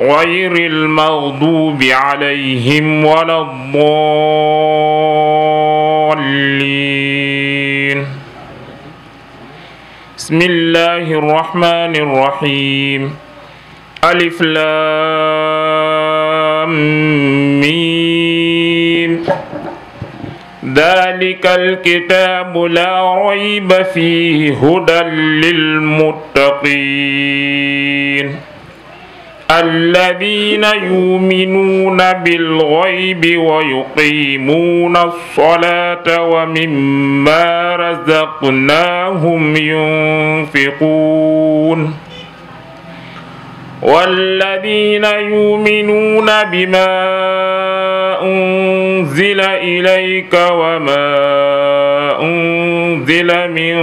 غير المغضوب عليهم ولا الضالين بسم الله الرحمن الرحيم ألف لام ميم ذلك الكتاب لا ريب فيه هدى للمتقين الذين يؤمنون بالغيب ويقيمون الصلاة ومما رزقناهم ينفقون والذين يؤمنون بما أنزل إليك وما أنزل من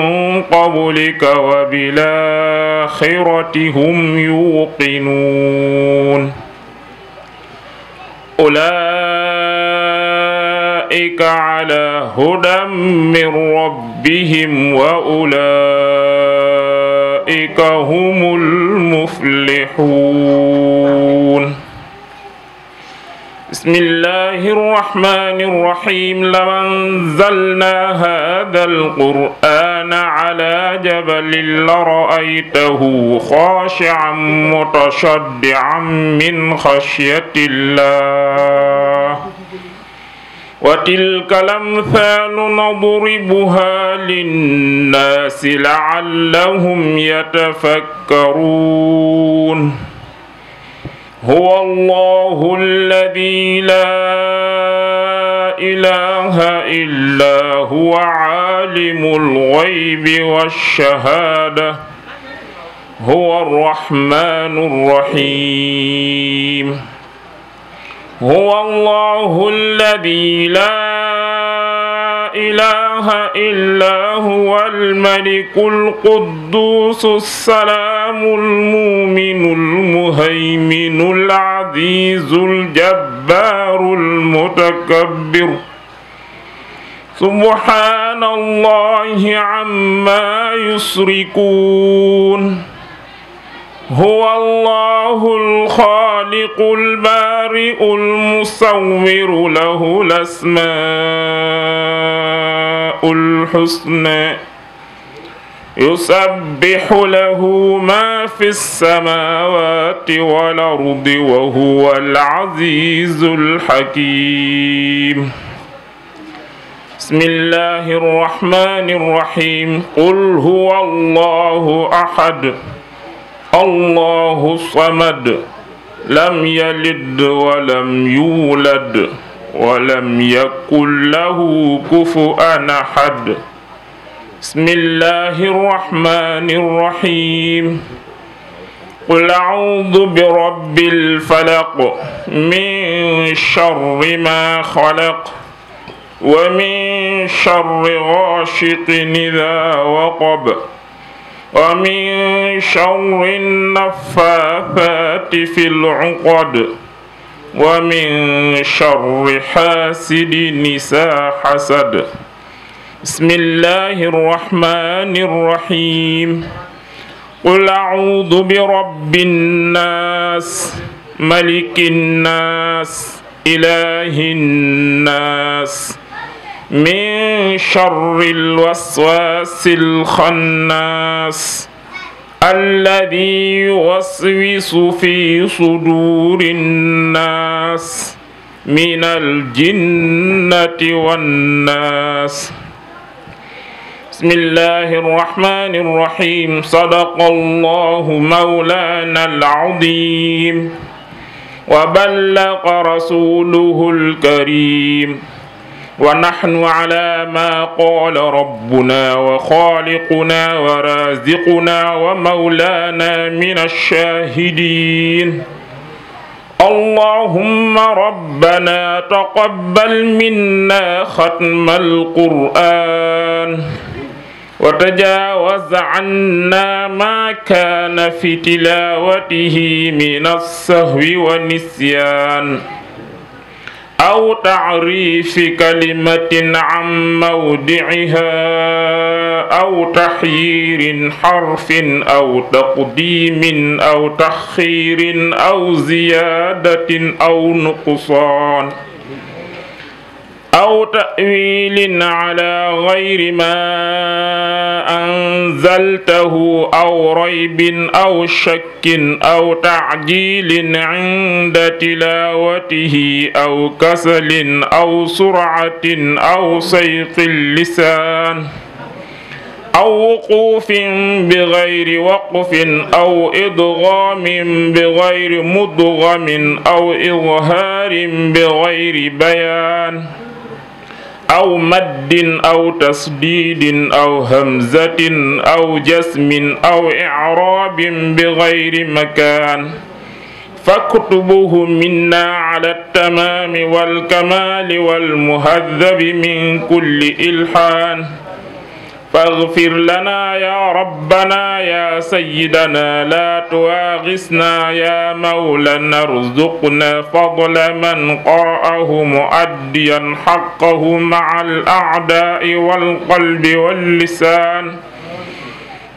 قبلك وبالآخرة هم يوقنون أولئك على هدى من ربهم وأولئك هم المفلحون بسم الله الرحمن الرحيم لو أنزلنا هذا القرآن على جبل لرأيته خاشعا متشدعا من خشية الله وتلك الأمثال نضربها للناس لعلهم يتفكرون هو الله الذي لا إله إلا هو عالم الغيب والشهادة هو الرحمن الرحيم هو الله الذي لا إله إله إلا هو الملك القدوس السلام المؤمن المهيمن العزيز الجبار المتكبر سبحان الله عما يشركون هو الله الخالق البارئ المصور له الأسماء الحسنى يسبح له ما في السماوات والأرض وهو العزيز الحكيم بسم الله الرحمن الرحيم قل هو الله أحد الله الصمد لم يلد ولم يولد ولم يكن له كفؤا أحد بسم الله الرحمن الرحيم قل أعوذ برب الفلق من شر ما خلق ومن شر غاشق إذا وقب ومن شر النفاثات في العقد ومن شر حاسد نساء حسد بسم الله الرحمن الرحيم قل أعوذ برب الناس ملك الناس إله الناس من شر الوسواس الخناس الذي يوسوس في صدور الناس من الجنة والناس بسم الله الرحمن الرحيم صدق الله مولانا العظيم وبلغ رسوله الكريم ونحن على ما قال ربنا وخالقنا ورازقنا ومولانا من الشاهدين اللهم ربنا تقبل منا ختم القرآن وتجاوز عنا ما كان في تلاوته من السهو والنسيان أو تعريف كلمة عن موضعها أو تحيير حرف أو تقديم أو تخير أو زيادة أو نقصان أو تأويل على غير ما أنزلته أو ريب أو شك أو تعجيل عند تلاوته أو كسل أو سرعة أو سيق اللسان أو وقوف بغير وقف أو إدغام بغير مدغم أو إظهار بغير بيان أو مد أو تسديد أو همزة أو جسم أو إعراب بغير مكان فاكتبوه منا على التمام والكمال والمهذب من كل إلحان فاغفر لنا يا ربنا يا سيدنا لا تواغسنا يا مولانا ارزقنا فضل من قرأه مؤديا حقه مع الأعداء والقلب واللسان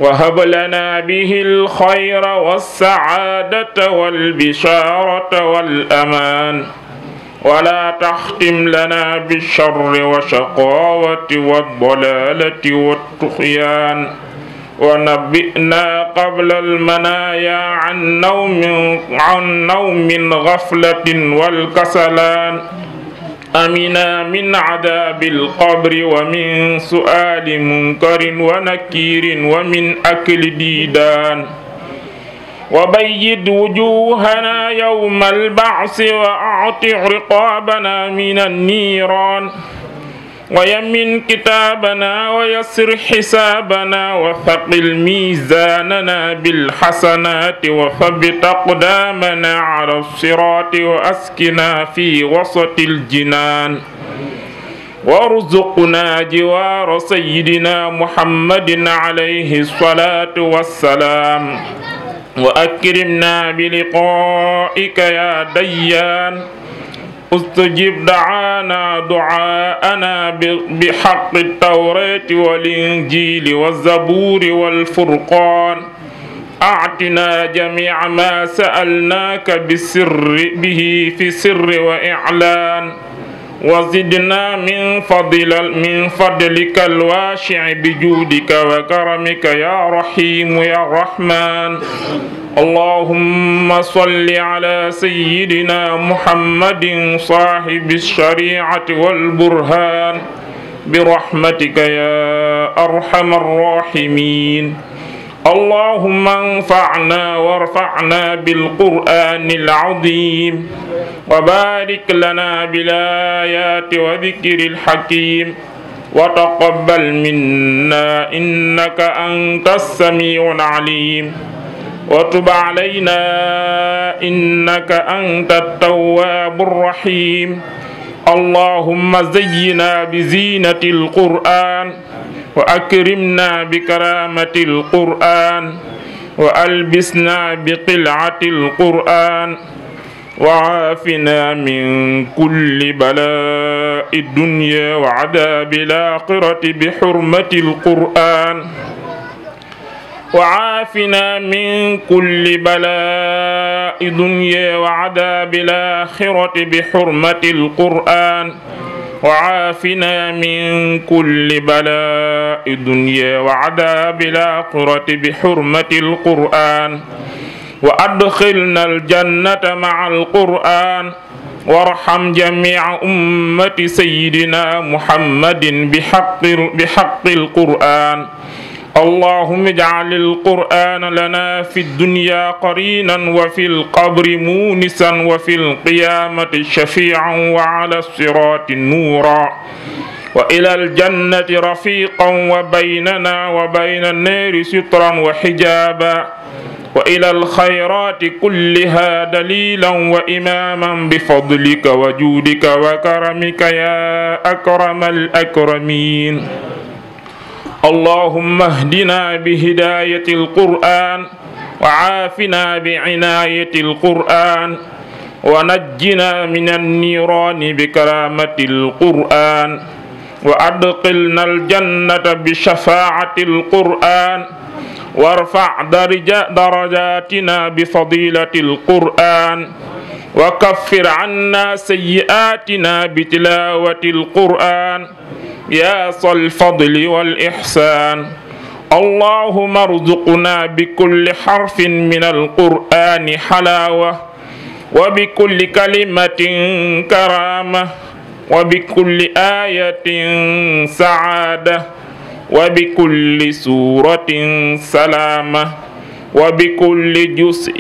وهب لنا به الخير والسعادة والبشارة والأمان ولا تختم لنا بالشر والشقاوة والضلالة والطغيان ونبئنا قبل المنايا عن نوم عن نوم غفلة والكسلان أمنا من عذاب القبر ومن سؤال منكر ونكير ومن أكل ديدان وبيد وجوهنا يوم البعث وأعط رقابنا من النيران ويمن كتابنا ويسر حسابنا وثقل ميزاننا بالحسنات وثبت أقدامنا على الصراط وأسكنا في وسط الجنان وارزقنا جوار سيدنا محمد عليه الصلاة والسلام وأكرمنا بلقائك يا ديان استجب دعانا دعاءنا بحق التوراة والإنجيل والزبور والفرقان أعطنا جميع ما سألناك بسر به في سر وإعلان وزدنا من فضل من فضلك الواسع بجودك وكرمك يا رحيم يا رحمن اللهم صل على سيدنا محمد صاحب الشريعة والبرهان برحمتك يا أرحم الراحمين اللهم انفعنا وارفعنا بالقرآن العظيم وبارك لنا بالآيات وذكر الحكيم وتقبل منا إنك أنت السميع العليم وتب علينا إنك أنت التواب الرحيم اللهم زينا بزينة القرآن وأكرمنا بكرامة القرآن وألبسنا بقلعة القرآن وعافنا من كل بلاء الدنيا وعذاب الآخرة بحرمة القرآن وعافنا من كل بلاء دنيا وعذاب الآخرة بحرمة القرآن وعافنا من كل بلاء دنيا وعذاب الآخرة بحرمة القرآن وأدخلنا الجنة مع القرآن وارحم جميع أمة سيدنا محمد بحق, بحق القرآن اللهم اجعل القرآن لنا في الدنيا قرينا وفي القبر مونسا وفي القيامة شفيعا وعلى الصراط نورا وإلى الجنة رفيقا وبيننا وبين النار سترا وحجابا وإلى الخيرات كلها دليلا وإماما بفضلك وجودك وكرمك يا أكرم الأكرمين اللهم اهدنا بهداية القرآن وعافنا بعناية القرآن ونجنا من النيران بكرامة القرآن وأدقلنا الجنة بشفاعة القرآن وارفع درجاتنا بفضيلة القرآن وكفر عنا سيئاتنا بتلاوة القرآن يا صل الفضل والإحسان اللهم ارزقنا بكل حرف من القرآن حلاوة وبكل كلمة كرامة وبكل آية سعادة وبكل سورة سلامة وبكل جزء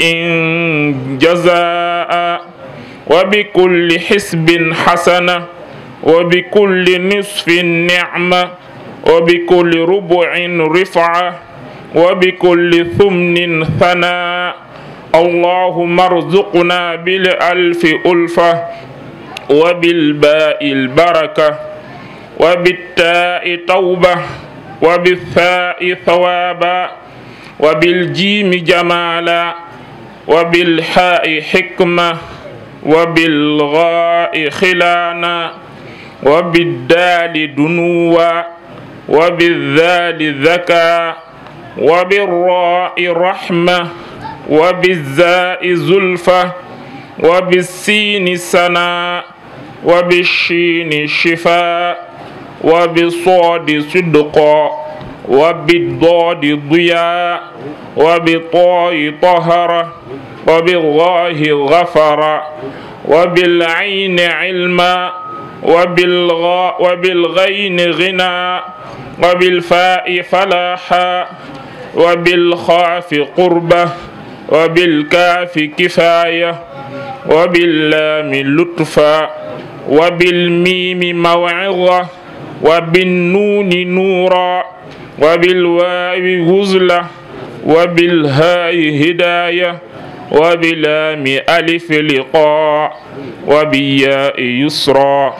جزاء وبكل حسب حسنة وبكل نصف نعمة وبكل ربع رفعة وبكل ثمن ثناء اللهم ارزقنا بالألف ألفة وبالباء البركة وبالتاء توبة وبالثاء ثوابا وبالجيم جمالا وبالحاء حكمة وبالغاء خلانا وبالدال دنوا وبالذال ذكا وبالراء رحمة وبالزاء زلفة وبالسين سنا وبالشين شفاء وبالصاد صدقا وبالضاد ضياء وبالطاء طهرة وبالله غفر وبالعين علما وبالغ... وبالغين غنى وبالفاء فلاحا وبالخاف قربة وبالكاف كفاية وباللام لطفا وبالميم موعظة وبالنون نورا وبالواو غزلة وبالهاء هداية وبلام ألف لقاء وبياء يسرا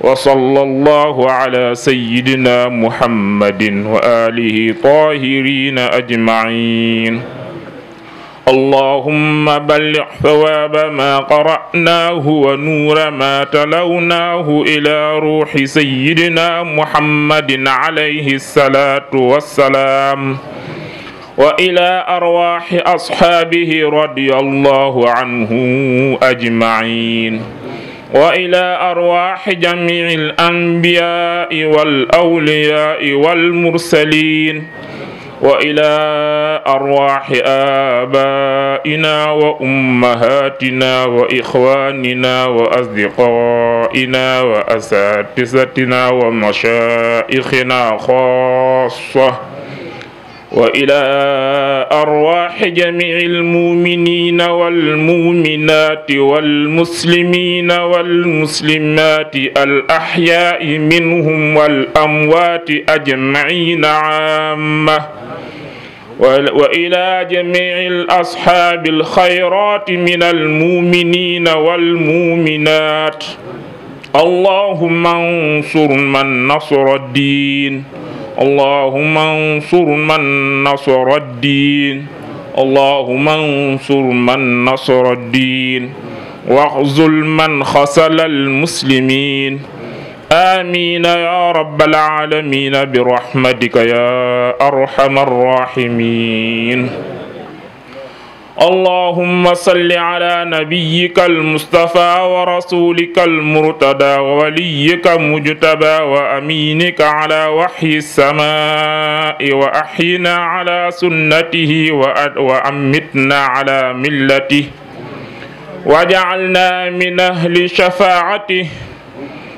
وصلى الله على سيدنا محمد وآله طاهرين أجمعين اللهم بلغ ثواب ما قرأناه ونور ما تلوناه إلى روح سيدنا محمد عليه الصلاة والسلام وإلى أرواح أصحابه رضي الله عنه أجمعين وإلى أرواح جميع الأنبياء والأولياء والمرسلين وإلى أرواح آبائنا وأمهاتنا وإخواننا وأصدقائنا وأساتذتنا ومشائخنا خاصة وإلى أرواح جميع المؤمنين والمؤمنات والمسلمين والمسلمات الأحياء منهم والأموات أجمعين عامة وإلى جميع الأصحاب الخيرات من المؤمنين والمؤمنات اللهم انصر من نصر الدين اللهم انصر من نصر الدين اللهم انصر من نصر الدين واخذل من خسل المسلمين آمين يا رب العالمين برحمتك يا أرحم الراحمين اللهم صل على نبيك المصطفى ورسولك المرتدى ووليك مجتبى وأمينك على وحي السماء وأحينا على سنته وأمتنا على ملته وجعلنا من أهل شفاعته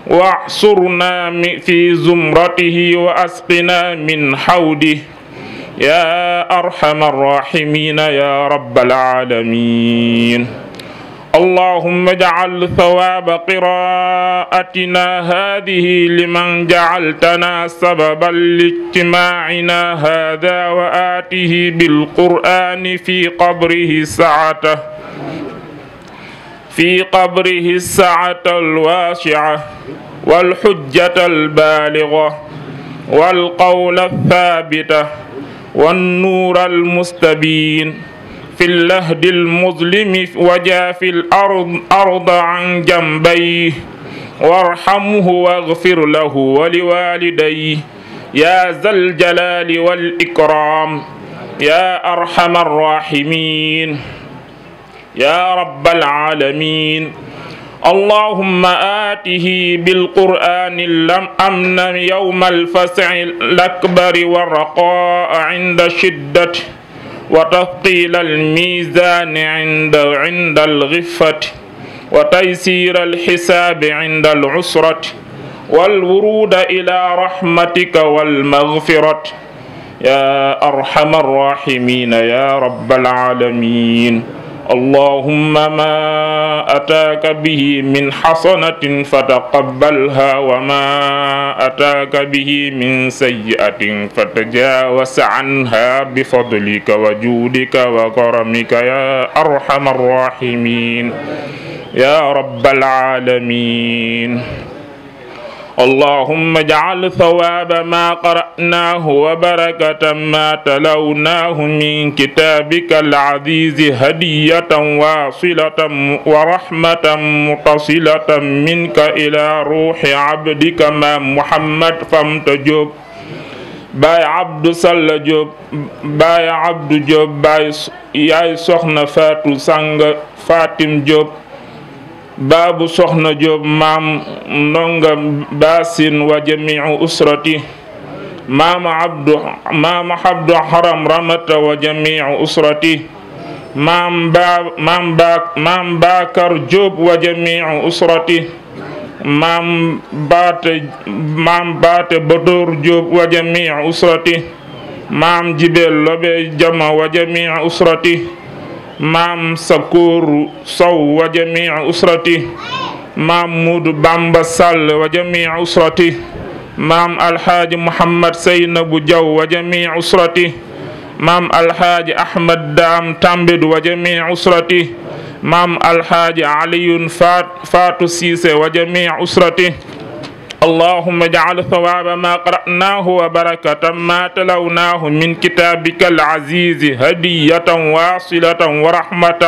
واعصرنا في زمرته وأسقنا من حوده يا أرحم الراحمين يا رب العالمين اللهم اجعل ثواب قراءتنا هذه لمن جعلتنا سببا لاجتماعنا هذا وآته بالقرآن في قبره سعته في قبره السعة الواسعة والحجة البالغة والقول الثابته والنور المستبين في اللهد المظلم وجاف الأرض أرض عن جنبيه وارحمه واغفر له ولوالديه يا ذا الجلال والإكرام يا أرحم الراحمين يا رب العالمين اللهم آته بالقرآن أمن يوم الفسع الأكبر والرقاء عند الشدة وتثقيل الميزان عند عند الغفة وتيسير الحساب عند العسرة والورود إلى رحمتك والمغفرة يا أرحم الراحمين يا رب العالمين اللهم ما أتاك به من حسنة فتقبلها وما أتاك به من سيئة فتجاوز عنها بفضلك وجودك وكرمك يا أرحم الراحمين يا رب العالمين اللهم اجعل ثواب ما قرأناه وبركة ما تلوناه من كتابك العزيز هدية واصلة ورحمة متصلة منك إلى روح عبدك ما محمد فامتجب باي عبد صلى جوب باي عبد جوب باي ياي سخنا فاتو سانغ فاتم جوب baabu soxna Jóob maam ndonga baasin wa jamiu usrati maama maam ba maam ba baakar Jóob wa jamiu usrati maam baate maam baate wa jamiu usrati maam jibel lobe jama wa jamiu usrati مام سكور صو وجميع أسرتي مام مود بامبا سال وجميع أسرتي مام الحاج محمد سين أبو جو وجميع أسرتي مام الحاج أحمد دام تامبد وجميع أسرتي مام الحاج علي فات فاتو سيسي وجميع أسرتي اللهم اجعل ثواب ما قرأناه وبركة ما تلوناه من كتابك العزيز هدية واصلة ورحمة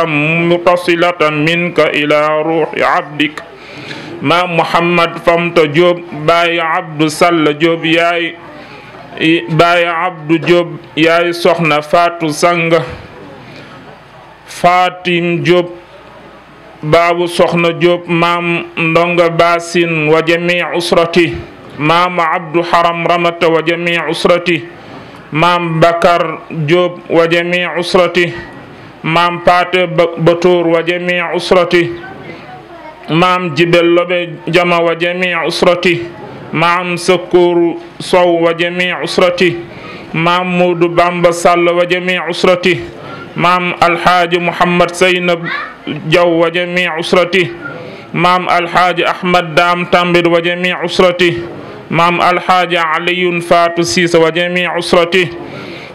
متصلة منك إلى روح عبدك ما محمد فمت جوب باي عبد صلى جوب ياي باي عبد جوب ياي سخنا فاتو سنغ فاتم جوب baabu sohna diob mam ndonga basin wa jami usrati mam abdou haram ramata wa jami usrati mam bakar diob wa jami usrati mam pate batour wa jami usrati mam jibel lobe jama wa jami usrati mam sakour sow wa jami usrati mam moudou bamba sall wa jami usrati مام الحاج محمد زينب جو وجميع أسرتي مام الحاج أحمد دام تامر وجميع أسرتي مام الحاج علي فاتسيس وجميع أسرتي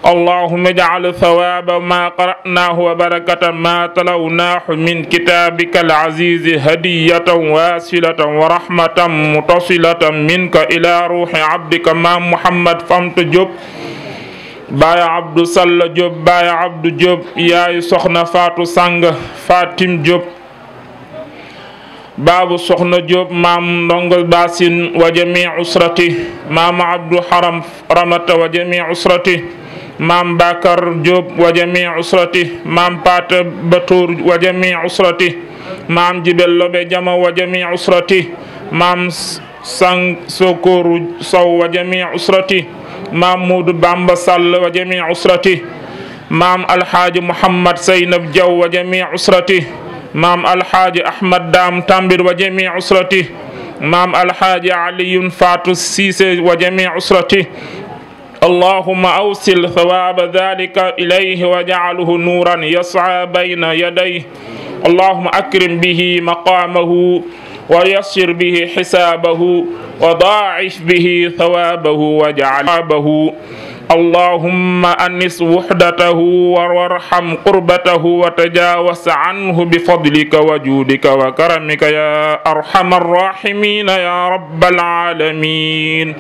اللهم اجعل ثواب ما قرأناه وبركة ما تلوناه من كتابك العزيز هدية واسلة ورحمة متصلة منك إلى روح عبدك مام محمد فامتجب جب baay abdu salla Diop baay abdu Diop yaayu soxna faatu sàng fatim Diop baabu soxna Diop maam ndongo baasin wa jami usrati maam abdu haram ramata wa jami usrati maam bakar Diop wa jami usrati maam paata batuur wa jami usrati maam jibel lobe jama wa jami usrati maam sang sokoru sow wa jami usrati maam Moodu Bamba Sall wa jamii usrati maam alxaaji Mouhamad Seynab Diaw wa jamii usrati maam alxaaji Ahmad Daam Tambir wa jamii usrati maam alxaaji Aliyun Faatu Siise wa jamii usrati allahuma awsil sawaaba dalika ilayhi wa jacalhu nuuran yascaa bayna yadayhi allahuma akrim bihi maqaamahu ويسر به حسابه وضاعف به ثوابه واجعل ثوابه اللهم أنس وحدته وارحم قربته وتجاوز عنه بفضلك وجودك وكرمك يا أرحم الراحمين يا رب العالمين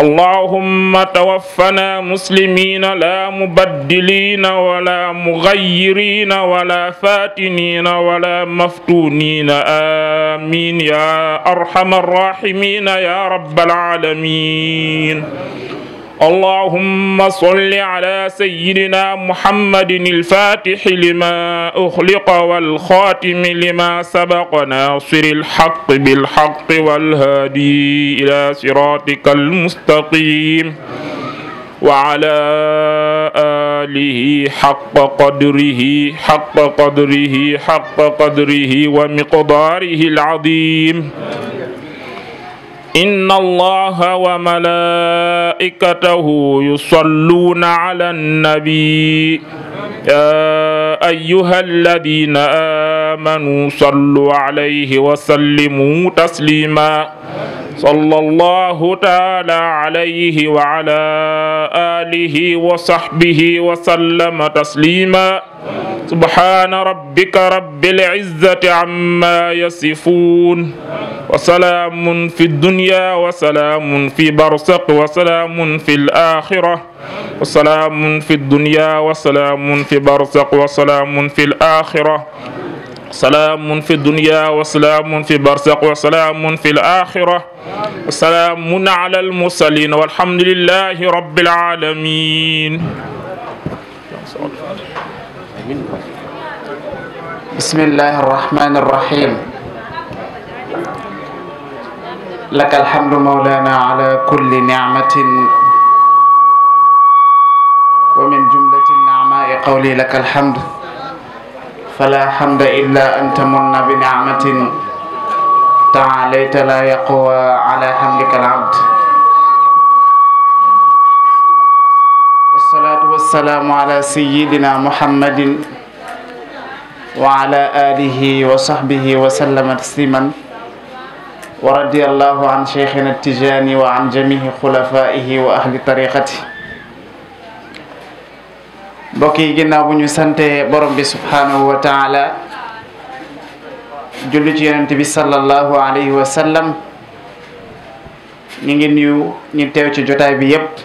اللهم توفنا مسلمين لا مبدلين ولا مغيرين ولا فاتنين ولا مفتونين آمين يا أرحم الراحمين يا رب العالمين اللهم صل على سيدنا محمد الفاتح لما أخلق والخاتم لما سبق ناصر الحق بالحق والهادي إلى صراطك المستقيم وعلى آله حق قدره حق قدره حق قدره ومقداره العظيم إن الله وملائكته يصلون على النبي يا أيها الذين آمنوا صلوا عليه وسلموا تسليما صلى الله تعالى عليه وعلى آله وصحبه وسلم تسليما سبحان ربك رب العزة عما يصفون وسلام في الدنيا وسلام في برسق وسلام في الآخرة وسلام في الدنيا وسلام في برزق وسلام في الآخرة سلام في الدنيا وسلام في برزق وسلام في الآخرة وسلام على المرسلين والحمد لله رب العالمين بسم الله الرحمن الرحيم لك الحمد مولانا على كل نعمة ومن جملة النعماء قولي لك الحمد فلا حمد إلا أن تمن بنعمة تعاليت لا يقوى على حمدك العبد والصلاة والسلام على سيدنا محمد wa ala alihi wa sahbihi wa sallama tasliman wa radiyallahu an cheikhina tijani wa an jamihi xulafaihi wa ahli tariqati mbokk yi ginnaaw bu ñu sante borom bi subhanahu wa taala julli ci bi sallallahu alayhi wa sallam ñu ngi nuyu ñu teew ci jotaay bi yépp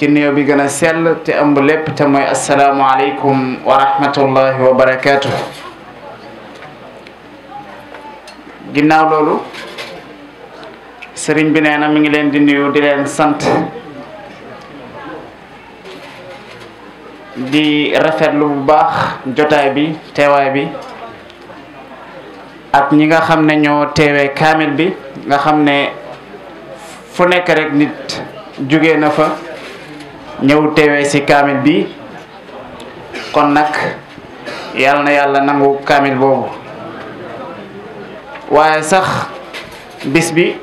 ci néew bi gën a sell te ëmb lépp te mooy asalaamualeykum wa rahmatullahi wa barakaatu. ginnaaw loolu sëriñ bi nee na mi ngi leen di nuyu di leen sant di rafetlu bu baax jotaay bi teewaay bi at ñi nga xam ne ñoo teewee kaamil bi nga xam ne fu nekk rek nit jóge na fa ñëw teewee ci kaamil bi kon nag yàlla na yàlla nangu kaamil boobu waaye sax bis bi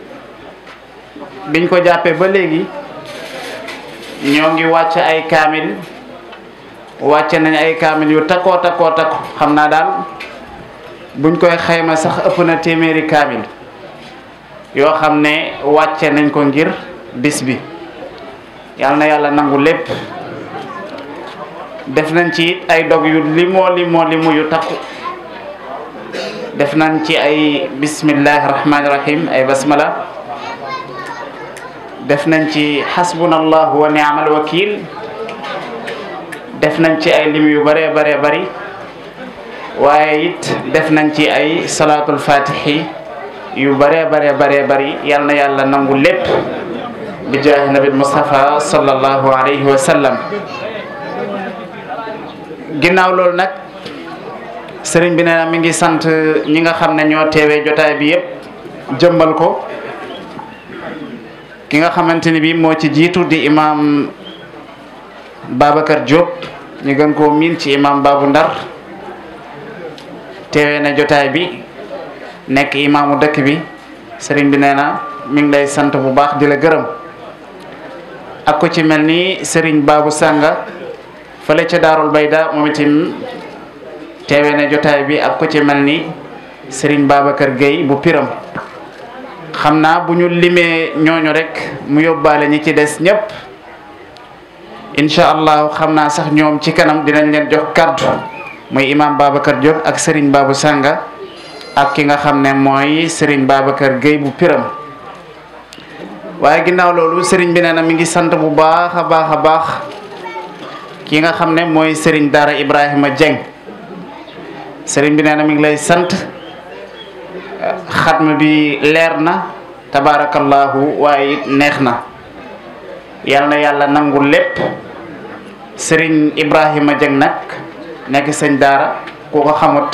biñ ko jàppee ba léegi ñoo ngi wàcc ay kaamil wàcce nañ ay kaamil yu takkoo takkoo takko xam naa daal buñ koy xayma sax ëpp na téeméeri kaamil yoo xam ne wàcce nañ ko ngir bis bi yal na yàlla nangu lépp def nañ ci ay dog yu limoo limoo limu yu takku def nañ ci ay bismillahi rahmaani ay basmala def nañ ci xasbunallahu wa ni'mal wakil def nañ ci ay lim yu bare bare bari waaye it def nañ ci ay salaatul fatihi yu bare bare bare bari yal yàlla nangu lépp bi jaahi nabil Mustafa sallallahu alayhi wa ginnaaw loolu nag sëriñ bi nee na mi ngi sant ñi nga xam ne ñoo teewe jotaay bi yépp jëmbal ko ki nga xamante ni bi moo ci jiitu di imaam Babacar Diop ñu gën koo miin ci imaam Babu Ndar teewee na jotaay bi nekk imaamu dëkk bi sëriñ bi nee na mi ngi lay sant bu baax di la gërëm ak ku ci mel ni Serigne Babou Sanga fële ca Daarul Bayda moom itam teewe na jotaay bi ak ko ci mel ni Serigne kër Gueye bu Piram xam naa bu ñu limee ñooñu rek mu yóbbaale ñi ci des ñépp incha allah xam naa sax ñoom ci kanam dinañ leen jox kaddu muy imam Babacar Diop ak Serigne Babou sànga ak ki nga xam ne mooy Serigne Babacar Gueye bu Piram waaye ginnaaw loolu sëriñ bi nee na mi ngi sant bu baax a baax a baax ki nga xam ne mooy sëriñ Daara Ibrahima Dieng sëriñ bi nee mi ngi lay sant xat xatma bi leer na tabaarakallaahu waaye it neex na yal na yàlla nangu lépp sëriñ Ibrahima Dieng nag nekk sëñ Daara ku xamut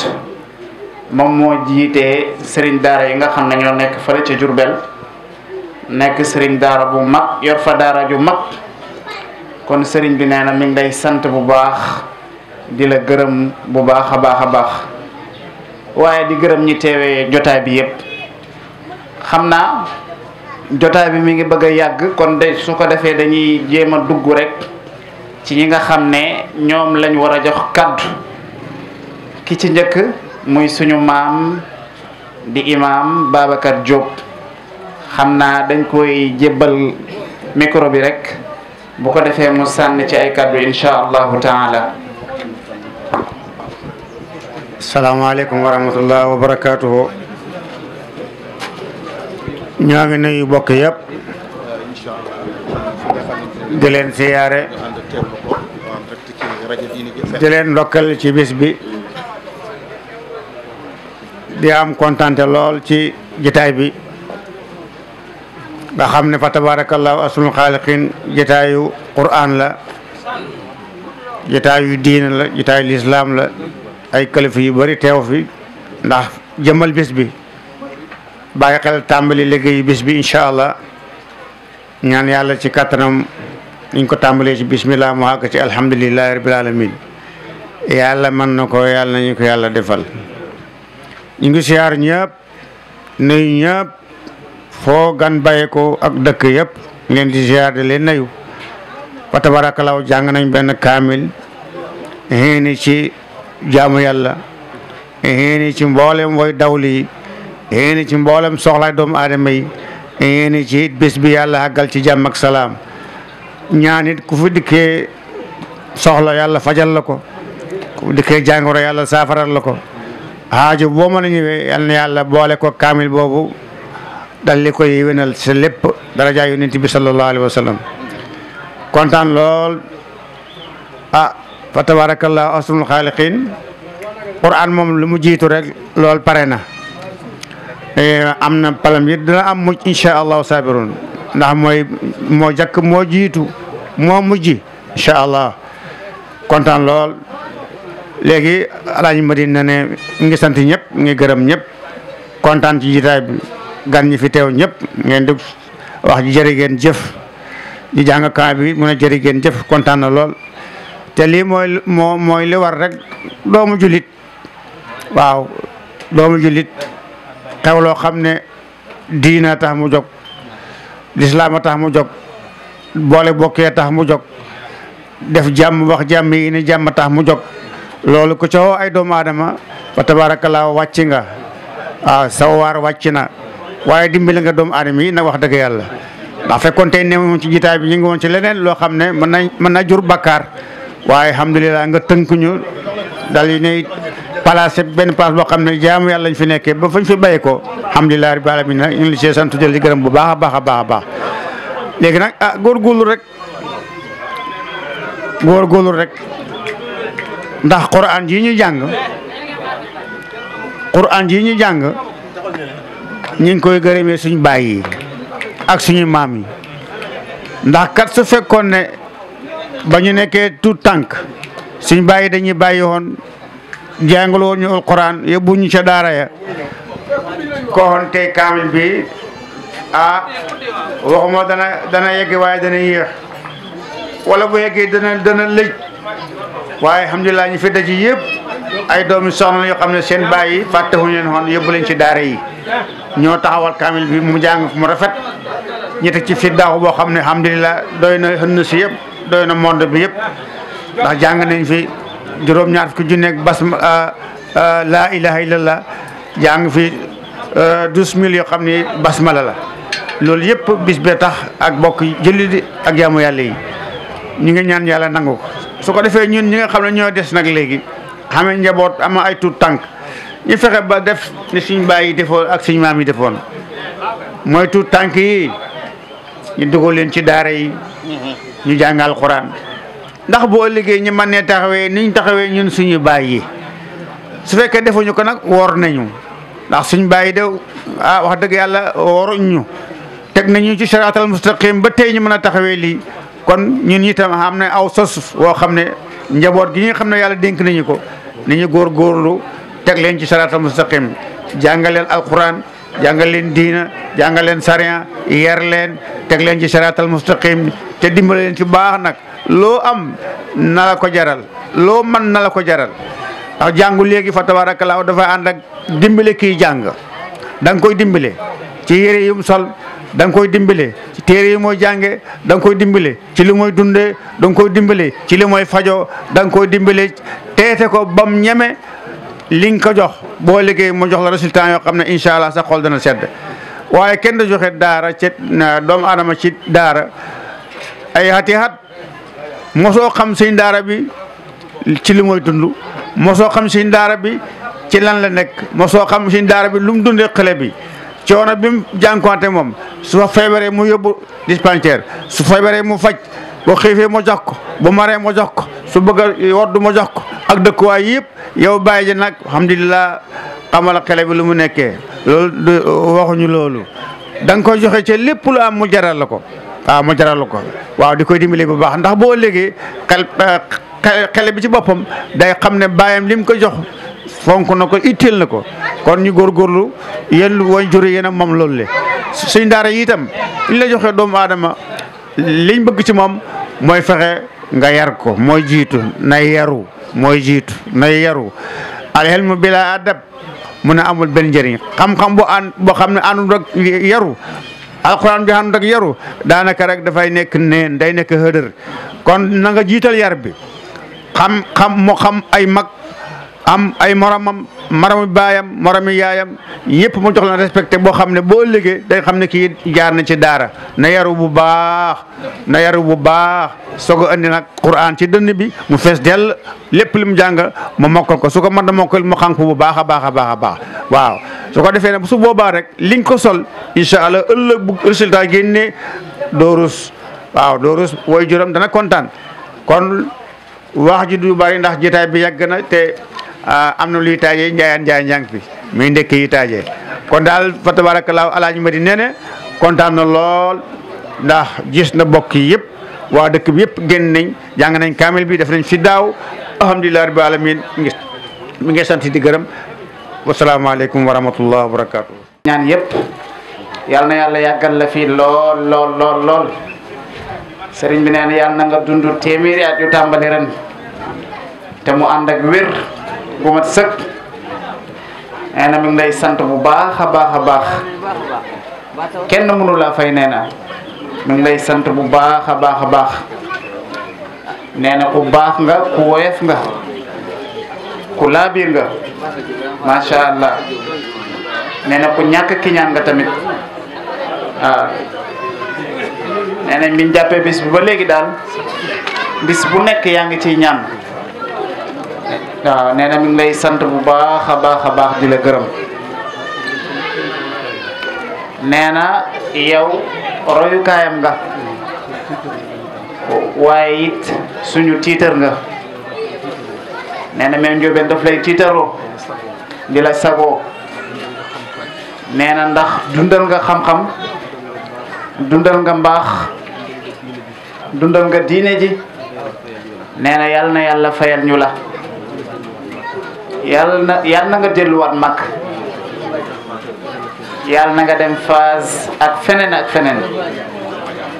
moom moo jiitee sëriñ Daara yi nga xam ne ñoo nekk fële ca Jurbel nekk sëriñ daara bu mag yor fa daara ju mag kon sëriñ bi nee mi ngi lay sant bu baax di la gërëm bu baax a baax a baax waaye di gërëm ñi teewee jotaay bi yépp xam naa jotaay bi mu ngi bëgg a yàgg kon de su ko defee dañuy jéem a dugg rekk ci ñi nga xam ne ñoom lañ war a jox kàddu ki ci njëkk muy suñu maam di imaam Babacar Diop. xam naa dañ koy jébbal micro bi rek bu ko defee mu sànni ci ay kàddu insha allahu taala salaamaaleykum wa rahmatullah wa barakaatuhu ñoo ngi bokk yépp di leen siyaare di leen ndokkal ci bis bi di am lool ci jitaay bi nga xam ne fa tabaarakallaahu asnul xaaliqin jataayu quraan la jataayu diina la jataayu lislaam la ay kalifa yu bari teew fi ndax jëmmal bis bi bàyyi xel tàmbali liggéeyu bis bi incha allah ñaan yàlla ci kàttanam niñ ko tàmbalee ci bismillah mu àgg ci alhamdulilahi rabbil alamin yàlla mën na ko yàlla nañu ko yàlla defal ñu ngi siyaar ñëpp nuyu ñëpp foo gan bàyyee ko ak dëkk yëpp leen di ziar di leen nayu fa tabarakalaaw jàng nañ benn kaamil xéeni ci jaamu yàlla xéeni ci mboolem woy dawli yi xéeni ci mboolem soxlaay doomu aadama yi ci bés bi yàlla àggal ci jàmm ak salaam ñaan it ku fi dikkee soxla yàlla fajal la ko ku dikkee jàngoro yàlla saafaral la ko aajo boo mën a ñëwee yàlla boole ko kaamil boobu dal li koy yéwénal sa lépp daraja yonent bi sallallahu alayhi wa sallam kontaan lool ah fa tabarakallahu asrul xaaliqin quran moom lu mu jiitu rek lool pare na eh, am na palam yi dina am mucc insha allahu sabirun ndax mooy moo jàkk moo jiitu moo mujj incha allah kontaan lool léegi alaaji madina ne ngi sant ñëpp ngi gërëm ñëpp kontaan ci jitaay bi gan ñi fi tew ñep ngeen di wax ji jërë ngeen jëf di jang camp bi mu ne jërë ngeen jëf kontaan na lool te li moy moy li war rek doomu julit waaw doomu julit taw lo xamne diina tax mu jog l'islam tax mu jog boole bokkee tax mu jog def jam wax jàmm yi ni jàmm tax mu jog loolu ko ci woo ay doomu adama fa tabarakallah wàcc nga waye dimbali nga doom adam yi na wax deug yalla da fekkoon tey ne mo ci jitaay bi ñing won ci leneen lo xam man na jur bakkaar waye alhamdullilah nga teunk ñu dal yi ne place ben place bo xam jaamu yalla lañ fi nekké ba fañ fi bàyyi ko alhamdullilah rabbil alamin ñu ci sant jël li gërëm bu baaxa baaxa baax baax a baax léegi nag ah góorgóorlu gor góorgóorlu rek ndax quran ji ñu jang quran ji ñu jang ñu ngi koy gërëmee suñu baay yi ak suñu maam yi ndax kat su fekkoon ne ba ñu nekkee tout tànk suñu bàyyi dañuy bàyyi woon jàngal woon ñu alquran yóbbu ñu ca daara ya kon tey kaamil bi ah waxuma dana dana yegg waaye dana yéex wala bu yeggee dana lëj waaye alhamdulilah ñu fi daje yëpp ay doomi soxna yoo xam ne seen baay yi fàttewuñu leen woon yóbbu leen ci daara yi ñoo taxawal kaamil bi mu jàng mu rafet ñu teg ci fiddaaw boo xam ne alhamdulilah doy na xënn si yëpp doy na monde bi yëpp ndax jàng nañ fi juróom-ñaar fukki junne ak bas ah, ah, laa ilaha illallah jàng fi ah, douze mille yoo xam ne basmala la loolu yëpp bis bee tax ak bokk jëli di ak jaamu yàlla yi ñu ngi ñaan yàlla nangu ko ko defee ñun ñi xam ne ñoo des nag léegi xamee njaboot ama ay tout tànk ñu fexe ba def ni suñ yi defoon ak suñ maam yi defoon mooy tuut tànk yi ñu dugal leen ci daara yi ñu jàngal xuraan ndax boo liggéey ñu man nee taxawee ñu taxawee ñun suñu baay yi su fekkee defuñu ko nag woor nañu ndax suñ yi de ah wax dëgg yàlla wooruñ ñu teg nañu ci siraatal mustaqim ba tey ñu mën a taxawee lii kon ñun itam am ne aw sos woo xam ne njaboot gi ñu xam ne yàlla dénk nañu ko ni góor góorlu teg leen ci saraatal mustaqim jàngal leen alquran jàngal leen diina jàngal leen sariya yer leen teg leen ci saraatal mustaqim te dimbale leen ci baax nag loo am na ko jaral loo man na la ko jaral ndax jàngu léegi fa tabarakallah dafa ànd ak dimbale kii jàng da koy dimbale ci yére yum sol da koy dimbale ci téere yi mooy jànge da koy dimbale ci li mooy dundee da nga koy dimbale ci li mooy fajoo da nga koy dimbale teete ko bam ñeme li nga ko jox boo liggéey mu jox la résultat yoo xam ne incha allah sax xol dana sedd waaye kenn du joxe daara ci doom aadama ci daara ay xati xat mosoo xam suñ daara bi ci li mooy dund mosoo xam suñ daara bi ci lan la nekk mosoo xam suñ daara bi lu dundee xale bi coono bi mu jànkuwante moom su fa feebaree mu yóbbu dispensaire su feebaree mu faj boo xiifee mu jox ko bu maree mu jox ko su bëgg war du mu jox ko ak dëkkuwaay yëpp yow bàyyi ji nag alhamdulilah xamal xele bi lu mu nekkee loolu waxuñu loolu da nga koy joxe ci lépp lu am mu jaral la ko waaw mu jaral la ko waaw di koy dimbali bu baax ndax boo léegi xel xele bi ci boppam day xam ne bàyyam lim ko jox. fonk na ko itteel na ko kon ñu góorgóorlu yéen wañ jure yéen a moom loolu le suñ daara yi itam ñu la joxee doomu aadama liñ bëgg ci moom mooy fexe nga yar ko mooy jiitu nay yaru mooy jiitu na yaru alxelmu bila adab mun a amul benn njëriñ xam-xam boo xam ne àndul ak yaru alxuraan bi àndul ak yaru daanaka rek dafay nekk neen day nekk xëdër kon na jiital yar bi xam xam moo xam ay mag am ay moromam moromi baayam moromi yaayam yëpp mu jox na respecte boo xam ne boo liggéey day xam ne kii jaar na ci daara na yaru bu baax na yaru bu baax soog a andi nag Qur'an ci dënn bi mu fees dell lépp li mu jàng mu mokkal ko su ko mën a mokkal mu xànk bu baax a baax a baax a baax waaw su ko defee nag su boobaa rek liñ ko sol incha allah ëllëg bu résultat génnee doo rus waaw doo rus woy juróom dana kontaan kon wax ji du bari ndax jotaay bi yàgg na te. Ah, am luy taajee ndayan ndayan njàng fi muy ndek yi taajee kon dal fa tabarakalaaw alaaji ma di nee ne kontaan na lol ndax gis na bokki yépp wa dëkk bi yépp sidau. nañ jang nañ kaamil bi def nañ fi daw alhamdullilah rabbil alamin mi mi ngi sant di gërëm alaykum wa rahmatullahi wa barakatuh ñaan yépp yalla na yalla yagal la fi lol lol lol lol serigne bi yalla na nga dundu at yu tàmbali ren té mu and ak wër bu mat sëkk nee na mi sant bu baax a baax a baax kenn mënula fay nee na mi ngi lay sant bu baax a baax a baax nee na ku baax nga ku woyof nga ku laabiir nga macha allah nee ku ñàkk kiñaan nga tamit waaw nee biñ jàppee bis bu ba léegi daal bis bu nekk yaa ngi ci ñaan. waaw nah, nee mi ngi lay sant bu baax a baax a baax di la gërëm nee yow royukaayam nga waaye it suñu tiitar nga nee na même Ndiobène daf lay tiitaroo di la sagoo nee ndax dundal nga xam-xam dundal nga mbaax dundal nga diine ji nee na yàlla na yàlla fayal ñu la yàlla na yàlla na nga delluwaat màkk yàlla na nga dem phase ak feneen ak feneen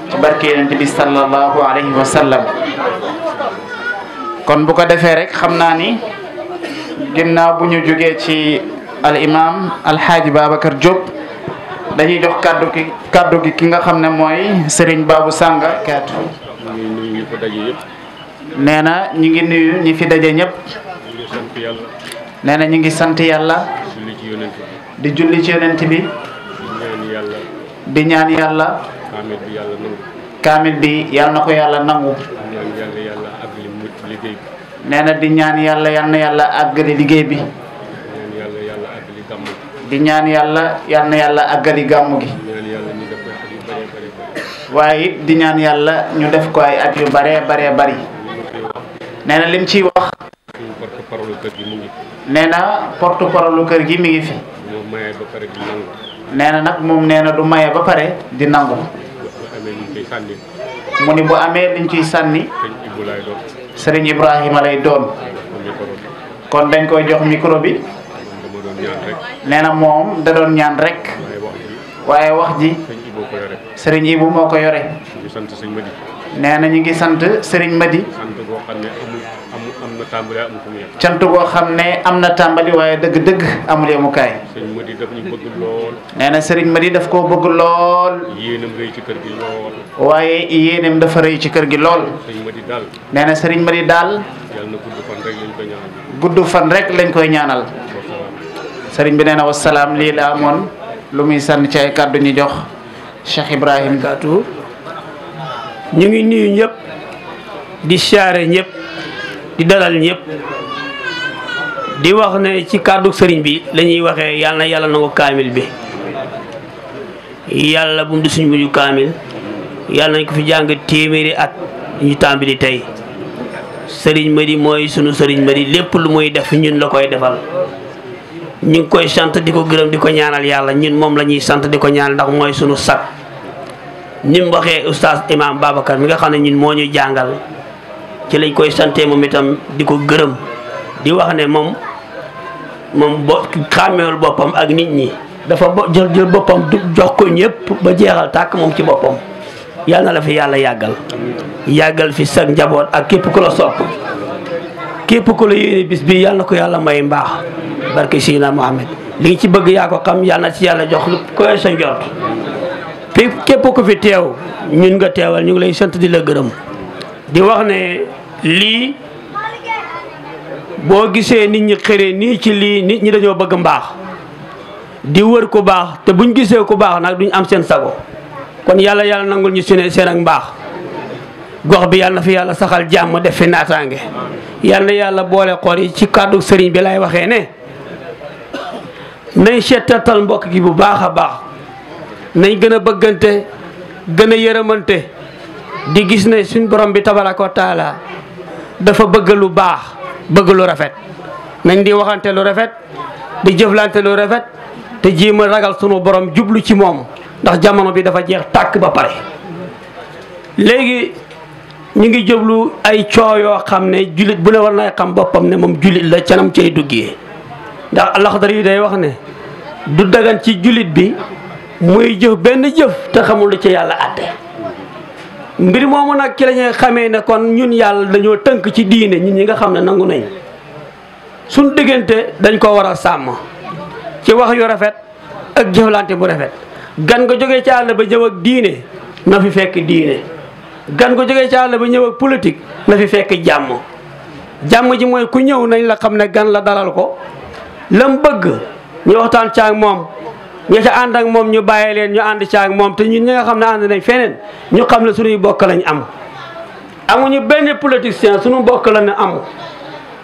ci barke yonent bi sallallahu alayhi wa sallam kon bu ko defee rek xam naa ni ginnaaw bu ñu jógee ci al alxaaji alhaaji kër jóg dañuy jox kàddu gi ki nga xam ne mooy Serigne babu Sanga kaatu nee na ñu ngi nuyu ñi fi daje ñépp nee na ñu ngi sant yàlla. di julli ci yonent bi. di ñaan yàlla. kaamit bi yàlla na ko yàlla nangu. nee na di ñaan yàlla yal na yàlla àggali liggéey bi. di ñaan yàlla yal na yàlla àggali gàmmu gi. waaye it di ñaan yàlla ñu def ko ay at yu bare bare bari. nee na lim ciy wax. Nena porte parole keur gi mi ngi fi nena nak mom nena du maye ba pare di nangu mu ni bu amé liñ ciy sanni serigne ibrahima lay doon kon dañ koy jox micro bi nena mom da doon ñaan rek waye wax ji serigne Ibu moko yoré nena ñi ngi sante serigne Madi cant goo xam ne am na tàmbali waaye dëgg-dëgg amul yemukaay. nee neena serigne Madi daf ko bëgg lool. waye yéenam dafa rëy ci kër gi lool. neena serigne sëriñ dal daal. gudd fan rek lañ koy ñaanal. serigne bi neena na wasalaam lii la amon lu muy sann ci ay kaddu ñu jox Cheikh Ibrahim Gatou. ñu ngi nuyu ñëpp di xare ñëpp. di dalal ñëpp di wax ne ci kàddu sëriñ bi lañuy waxee yàlla yàlla nangu kaamil bi yàlla bu mu di suñ mujj kaamil yàlla nañ ko fi jàng téeméeri at ñu tàmbali tey sëriñ Madi mooy sunu sëriñ Madi lépp lu muy def ñun la koy defal ñu ngi koy sant di ko gërëm di ko ñaanal yàlla ñun moom la ñuy sant di ko ñaanal ndax mooy sunu sag ni mu waxee oustaz imam Babacar mi nga xam ne ñun moo ñuy jàngal ci lañ koy santé mom itam diko gëreum di wax né mom mom bo xamewul bopam ak nit ñi dafa jël jël bopam jox ko ñepp ba jéxal tak mom ci bopam yalla la fi yalla yagal yagal fi sax njabot ak képp ku la sopp képp ku la yéne bis bi yalla ko yalla may mbax barké sina mohammed li ci bëgg ya ko xam yalla ci yalla jox ko sa njort képp ku fi téw ñun nga téwal ñu lay sant di la gërëm di wax ne lii boo gisee nit ñi xëre nii ci lii nit ñi dañoo bëgg mbaax di wër ku baax te buñ gisee ku baax nag duñ am seen sago kon yàlla yàlla nangul ñu seen seen ak mbaax gox bi yàlla fi yàlla saxal jàmm def fi naataange yàlla yàlla boole xol yi ci kàddu sëriñ bi lay waxee ne nañ seetatal mbokk gi bu baax a baax nañ gën a bëggante gën a yërëmante di gis ne suñ borom bi tabaraka wa taala dafa bëgg lu baax bëgg lu rafet nañ di waxante lu rafet di jëflante lu rafet te jéem a ragal sunu borom jublu ci moom ndax jamono bi dafa jeex tàkk ba pare léegi ñu ngi jublu ay coo yoo xam ne jullit bu ne war nay xam boppam ne moom jullit la canam cay duggee ndax alaxdar yi day wax ne du dagan ci jullit bi muy jëf benn jëf te xamul lu ci yàlla àtte mbir moomu nag ci la xamee ne kon ñun yàlla dañoo tënk ci diine ñun ñi nga xam ne nangu nañ suñ diggante dañ ko war a sàmm ci wax yu rafet ak jëflante bu rafet gan nga jóge ci àll ba ñëw ak diine na fi fekk diine gan nga jóge ci àll bi ñëw ak politique na fi fekk jàmm jàmm ji mooy ku ñëw nañ la xam ne gan la dalal ko lam bëgg ñu waxtaan caag moom ña a ànd ak moom ñu bàyyi leen ñu ànd caag moom te ñun ñi nga xam ne ànd nañ feneen ñu xam ne suñuy bokk lañu am. amuñu benn politicien suñu bokk lañ am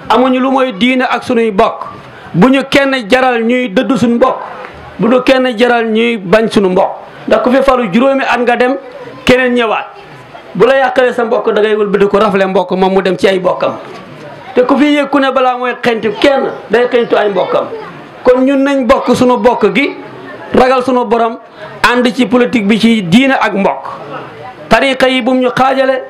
amuñu lu mooy diine ak suñuy bokk bu ñu kenn jaral ñuy dëdd suñu mbokk bu ñu kenn jaral ñuy bañ suñu mbokk ndax ku fi faru juróomi at nga dem keneen ñëwaat bu la yàqalee sa mbokk da ngay wëlbati raf rafle mbokk moom mu dem ci ay bokkam. te ku fi yëg ku ne balaa mooy xentu kenn day xentu ay mbokkam kon ñun nañ bokk suñu bokk gi. ragal sunu borom and ci politique bi ci diina ak mbokk tariqa yi bu ñu xajalé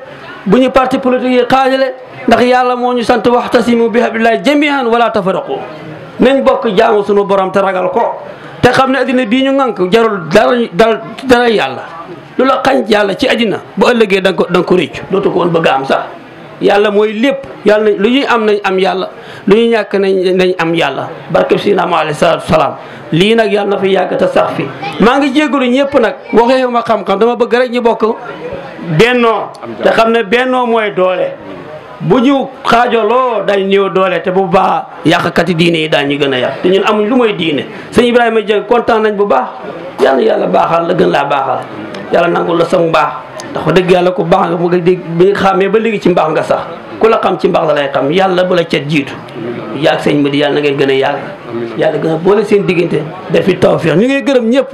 bu ñu parti politique yi xajalé ndax yalla mo ñu sant waxtasimu bi billahi jami'an wala tafaraqu nañ bokk jaamu sunu borom te ragal ko te xamne adina bi ñu ngank jarul dara dal dara yàlla lu la xañ ci adina bu ëllëgee dang ko dang ko réccu dotu ko won bëgg am sax yàlla mooy lépp yàlla lu ñuy am nañ am yàlla lu ñuy ñàkk nañ nañ am yàlla barke si naam alayhi salaatu salaam lii nag yàlla na fi yàgg ta sax fi maa ngi jégalu ñëpp nag waxee ma xam-xam dama bëgg rek ñu bokk bennoo te xam ne bennoo mooy doole bu ñu xaajaloo dañ néew doole te bu baax yàqkati diine yi daañu gën a yàq te ñun amuñ lu mooy diine sëñ Ibrahima Dieng kontaan nañ bu baax yàlla yàlla baaxal la gën laa baaxal yàlla nangul la sam baax ndax wax dëgg yàlla ku baax nga mu nga dégg bi xàmmee ba léegi ci mbaax nga sax ku la xam ci mbaax la lay xam yàlla bu la cat jiitu yaag sëñ ma di yàlla na gën a yàgg yàlla gën a boole seen diggante dafi tawfeex ñu ngay gërëm ñëpp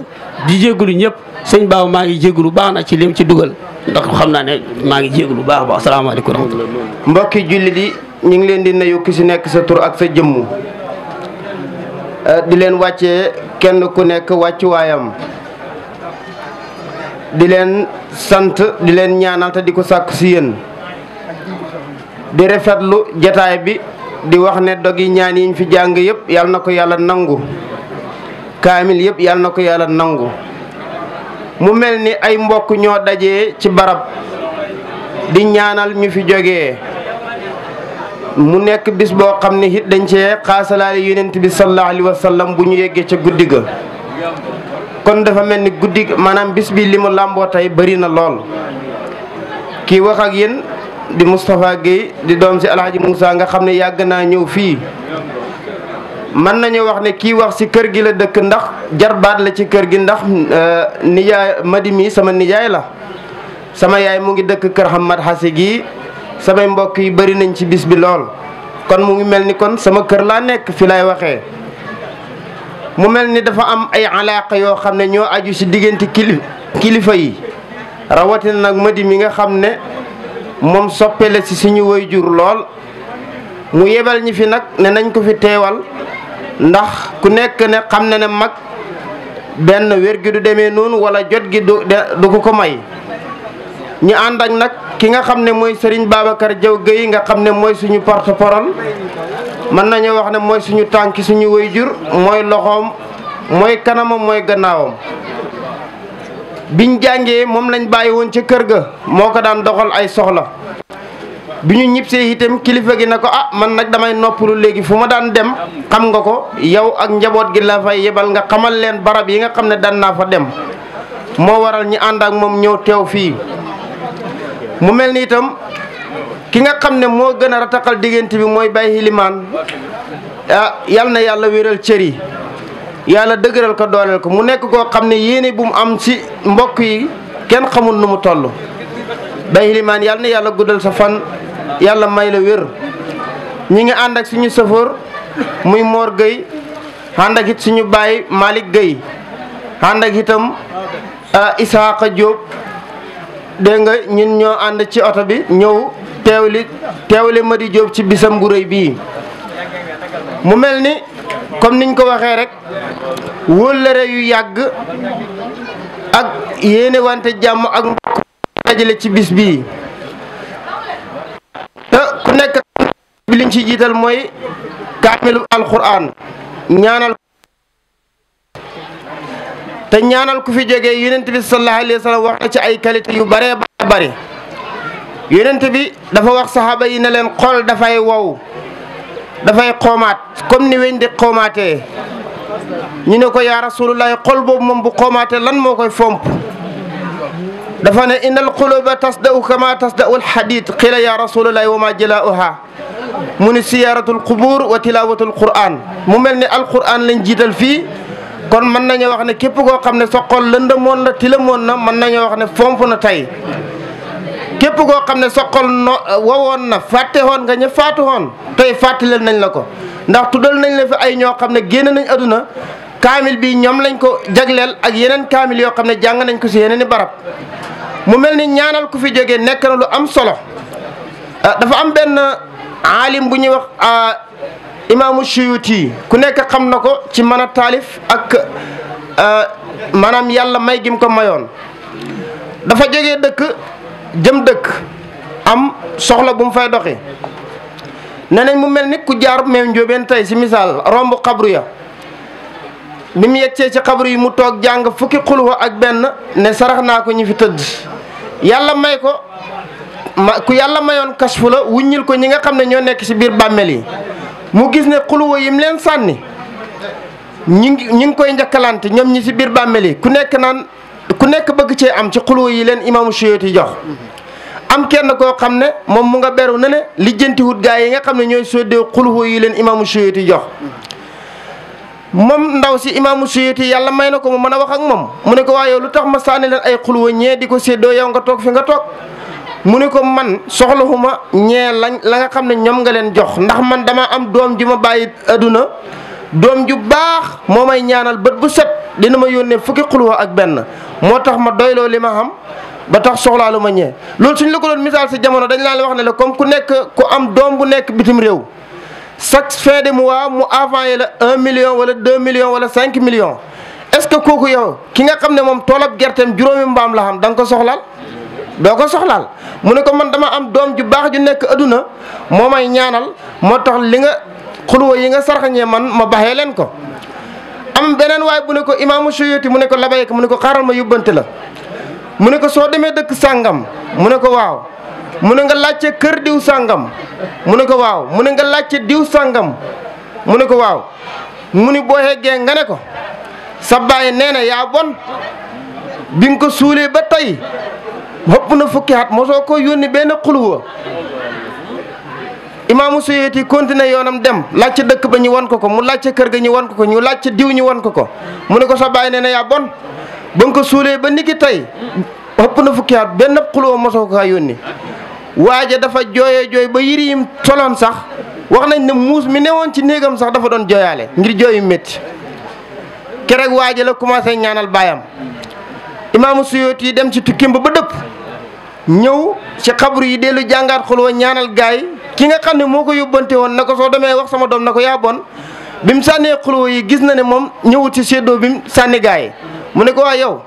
di jégalu ñëpp sëñ baaw maa ngi jégalu baax na ci lim ci dugal ndax xam naa ne maa ngi jégalu baax baax asalaamaaleykum rahmatulah mbokki jullit yi ñu ngi leen di nuyu ki si nekk sa tur ak sa jëmmu eh, di leen wàcce kenn ku nekk waayam di leen sant di leen ñaanal te di ko sàkk si yéen di rafetlu jataay bi di wax ne dog yi ñaan yiñ fi jàng yëpp yal na ko yàlla nangu kaamil yëpp yal na ko yàlla nangu mu mel ni ay mbokk ñoo daje ci barab di ñaanal ñu fi jóge mu nekk bis boo xam ne it dañ cee xaasalaale yonent bi sallallahu alayhi wa bu ñu yeggee ca guddi ga kon dafa melni ni guddi bis bi limu lambo tay bari na lol ki wax ak yeen di Mustafa gay di dom ci Alhaji Musa nga xamne yag na ñew fi man nañu wax ne ki wax si kër gi la dekk ndax jarbaat la ci kër gi ndax euh, niya madimi sama nijaay la sama yaay mu ngi dekk kër Hamad Xasi gi sama mbokk yi bari nañ ci bis bi lol kon mu ngi mel kon sama kër la nek fi lay waxe mu mel ni dafa am ay alaaqa yoo xam ne ñoo aju ci diggante kili kilifa yi rawatina nag Madi mi nga xam ne moom soppe si ci woy jur lool mu yebal ñi fi nag ne nañ ko fi teewal ndax ku nekk ne xam na ne mag benn wér gi du demee noonu wala jot gi du ko ko may ñu ànd ak nag ki nga xam ne mooy Serigne Babacar Diaw Guèye nga xam ne mooy suñu porte-parole mën nañu wax ne mooy suñu tànki suñu wayjur mooy loxoom mooy kanamam mooy gannaawam. biñ jàngee moom lañ bàyyi woon ca kër ga moo ko daan doxal ay soxla bi ñu ñibsee itam kilifa gi na ko ah man nag damay noppalu léegi fu ma daan dem xam nga ko yow ak njaboot gi la fay yebal nga xamal leen barab yi nga xam ne daan naa fa dem moo waral ñi ànd ak moom ñëw teew fii. mu mel ni itam ki nga xam ne moo gën a rataxal diggante bi mooy Baye Ilimaan ah yal na yàlla wéral cër yi yàlla dëgëral ko dooleel ko mu nekk koo xam ne yéene bu mu am ci mbokk yi kenn xamul nu mu toll. Baye Ilimaan na yàlla guddal sa fan yàlla may la wér ñi ngi ànd ak suñu sëfoor muy Mor Gueye ànd ak it suñu baay Malick Gueye ànd ak itam ah, Isaaxa Diop. dégg nga ñun ñoo ànd ci oto bi ñëw teewli teewli Mady Diop ci bisam bu rëy bii mu mel ni comme niñ ko waxee rek wóllëre yu yàgg ak yéene wante jàmm ak mbokk dajale ci bis bii te ku nekk liñ ci jiital mooy kaamilu alquran ñaanal te ñaanal ku fi jógee yonent bi sallallahu alayhi wa ci ay qualité yu bare bëri yonent bi dafa wax saxaaba yi ne leen xol dafay wow dafay xoomaat comme ni weñ di xoomaatee ñu ne ko yaa rasulullahi xol boobu moom bu xoomaatee lan moo koy fomp dafa ne innal quluba tasda'u kama tasda'u alhadid qila ya rasulullahi wa ma jila'uha mu ni siyaratul qubur wa tilawatul quran mu mel ni alquran lañ jiital fii kon mën nañoo wax ne képp koo xam ne sa xol lëndëmoon na tilamoon na mën nañoo wax ne fomp na tey képp koo xam ne sa xol no wowoon na fàtte woon nga ña faatu woon tey fàttaleel nañ la ko ndax tuddal nañ la fi ay ñoo xam ne génn nañ aduna kaamil bi ñoom lañ ko jagleel ak yeneen kaamil yoo xam ne jàng nañ ko si yeneen i barab mu mel ni ñaanal ku fi jege nekk na lu am solo ah, dafa am benn aalim bu ñuy wax. Ah, imaamu Suyuti ku nekk xam na ko ci mën a taalif ak euh, maanaam yàlla may gim ko mayoon dafa jege dëkk jëm dëkk am soxla bu mu fay doxee ne nañ mu mel ni ku jaar meew njóobeen tey si misaal romb xabru ya bi mu ci xabru yi mu toog jàng fukki xulwa ak benn ne sarax naa ko ñi fi tëdd yàlla may ko ma ku yàlla mayoon kas kasfu la wuññil ko ñi nga xam ne ñoo nekk ci biir bàmmeel yi mu gis ne xuluwa yim leen sànni ñi ngi ñi ngi koy njakkalante ñoom ñi ci biir bàmmeel yi ku nekk naan ku nekk bëgg cee am ci xuluwa yi leen imaamu Suyuti jox am kenn koo xam ne moom mu nga beru na ne lijjantiwut gaa yi nga xam ne ñooy soddee xuluwa yi leen imaamu Suyuti jox moom ndaw si imaamu Suyuti yàlla may na ko mu mën a wax ak moom mu ne ko waaye lu tax ma sànni leen ay xuluwa ñee di ko séddoo yow nga toog fi nga toog mu ne ko man soxla soxlahuma ñee lañ la nga xam ne ñoom nga leen jox ndax man dama am doom ji ma bàyyi àdduna doom ju baax moom may ñaanal bët bu set dina ma yónnee fukki xulwa ak benn moo tax ma doyloo li ma xam ba tax soxlaalu ma ñee loolu suñ la ko doon misaal si jamono dañ laa wax ne comme ku nekk ku doom bu nekk bitim réew chaque fin de mois mu envoyé la un million wala deux millions wala cinq millions est que kooku yow ki nga xam ne moom toolab gerteem juróomi mbaam la xam danga ko soxlaal doo ko soxlaal mu ne ko man dama am doom ju baax ju nekk adduna moo may ñaanal moo tax li nga xulwa yi nga sarxañee man ma baxee leen ko am beneen waaye bu ne ko imaamu Suyuti mu ne ko labayka mu ne ko xaaral ma yóbbante la mu ne ko soo demee dëkk sàngam mu ne ko waaw mu ne nga laajte kër diw sàngam mu ne ko waaw mu ne nga laajte diw sàngam mu ne ko waaw mu ni boo xeggee nga ne ko sa baay nee na yaa bon bi nga ko suulee ba tey ëpp na fukki at mosoo ko yónni benn xulwa imaamu Suyuti continué yoonam dem laajte dëkk ba ñu wan ko ko mu laajte kër ga ñu wan ko ko ñu laajte diw ñi wan ko ko mu ne ko sa bàyyi ne na yaa bon ba nga suulee ba niki tey ëpp na fukki at benn xulwa mosoo ko yónni waaja dafa jooyee jooy ba yiri yim soloon sax wax nañ ne muus mi woon ci néegam sax dafa doon jooyaale ngir jooyu métti keroog waaja la commencé ñaanal baayam imam Suyuti dem ci tukkim ba depp ñew ci xabru yi jangat xol xulwa ñaanal gaay ki nga xamne moko yobante won nako so wax sama dom nako ya bon bim sané xol xulwa yi gis na ne mom ñëwut ci séddoo bim sané gaay mu ne ko wa yow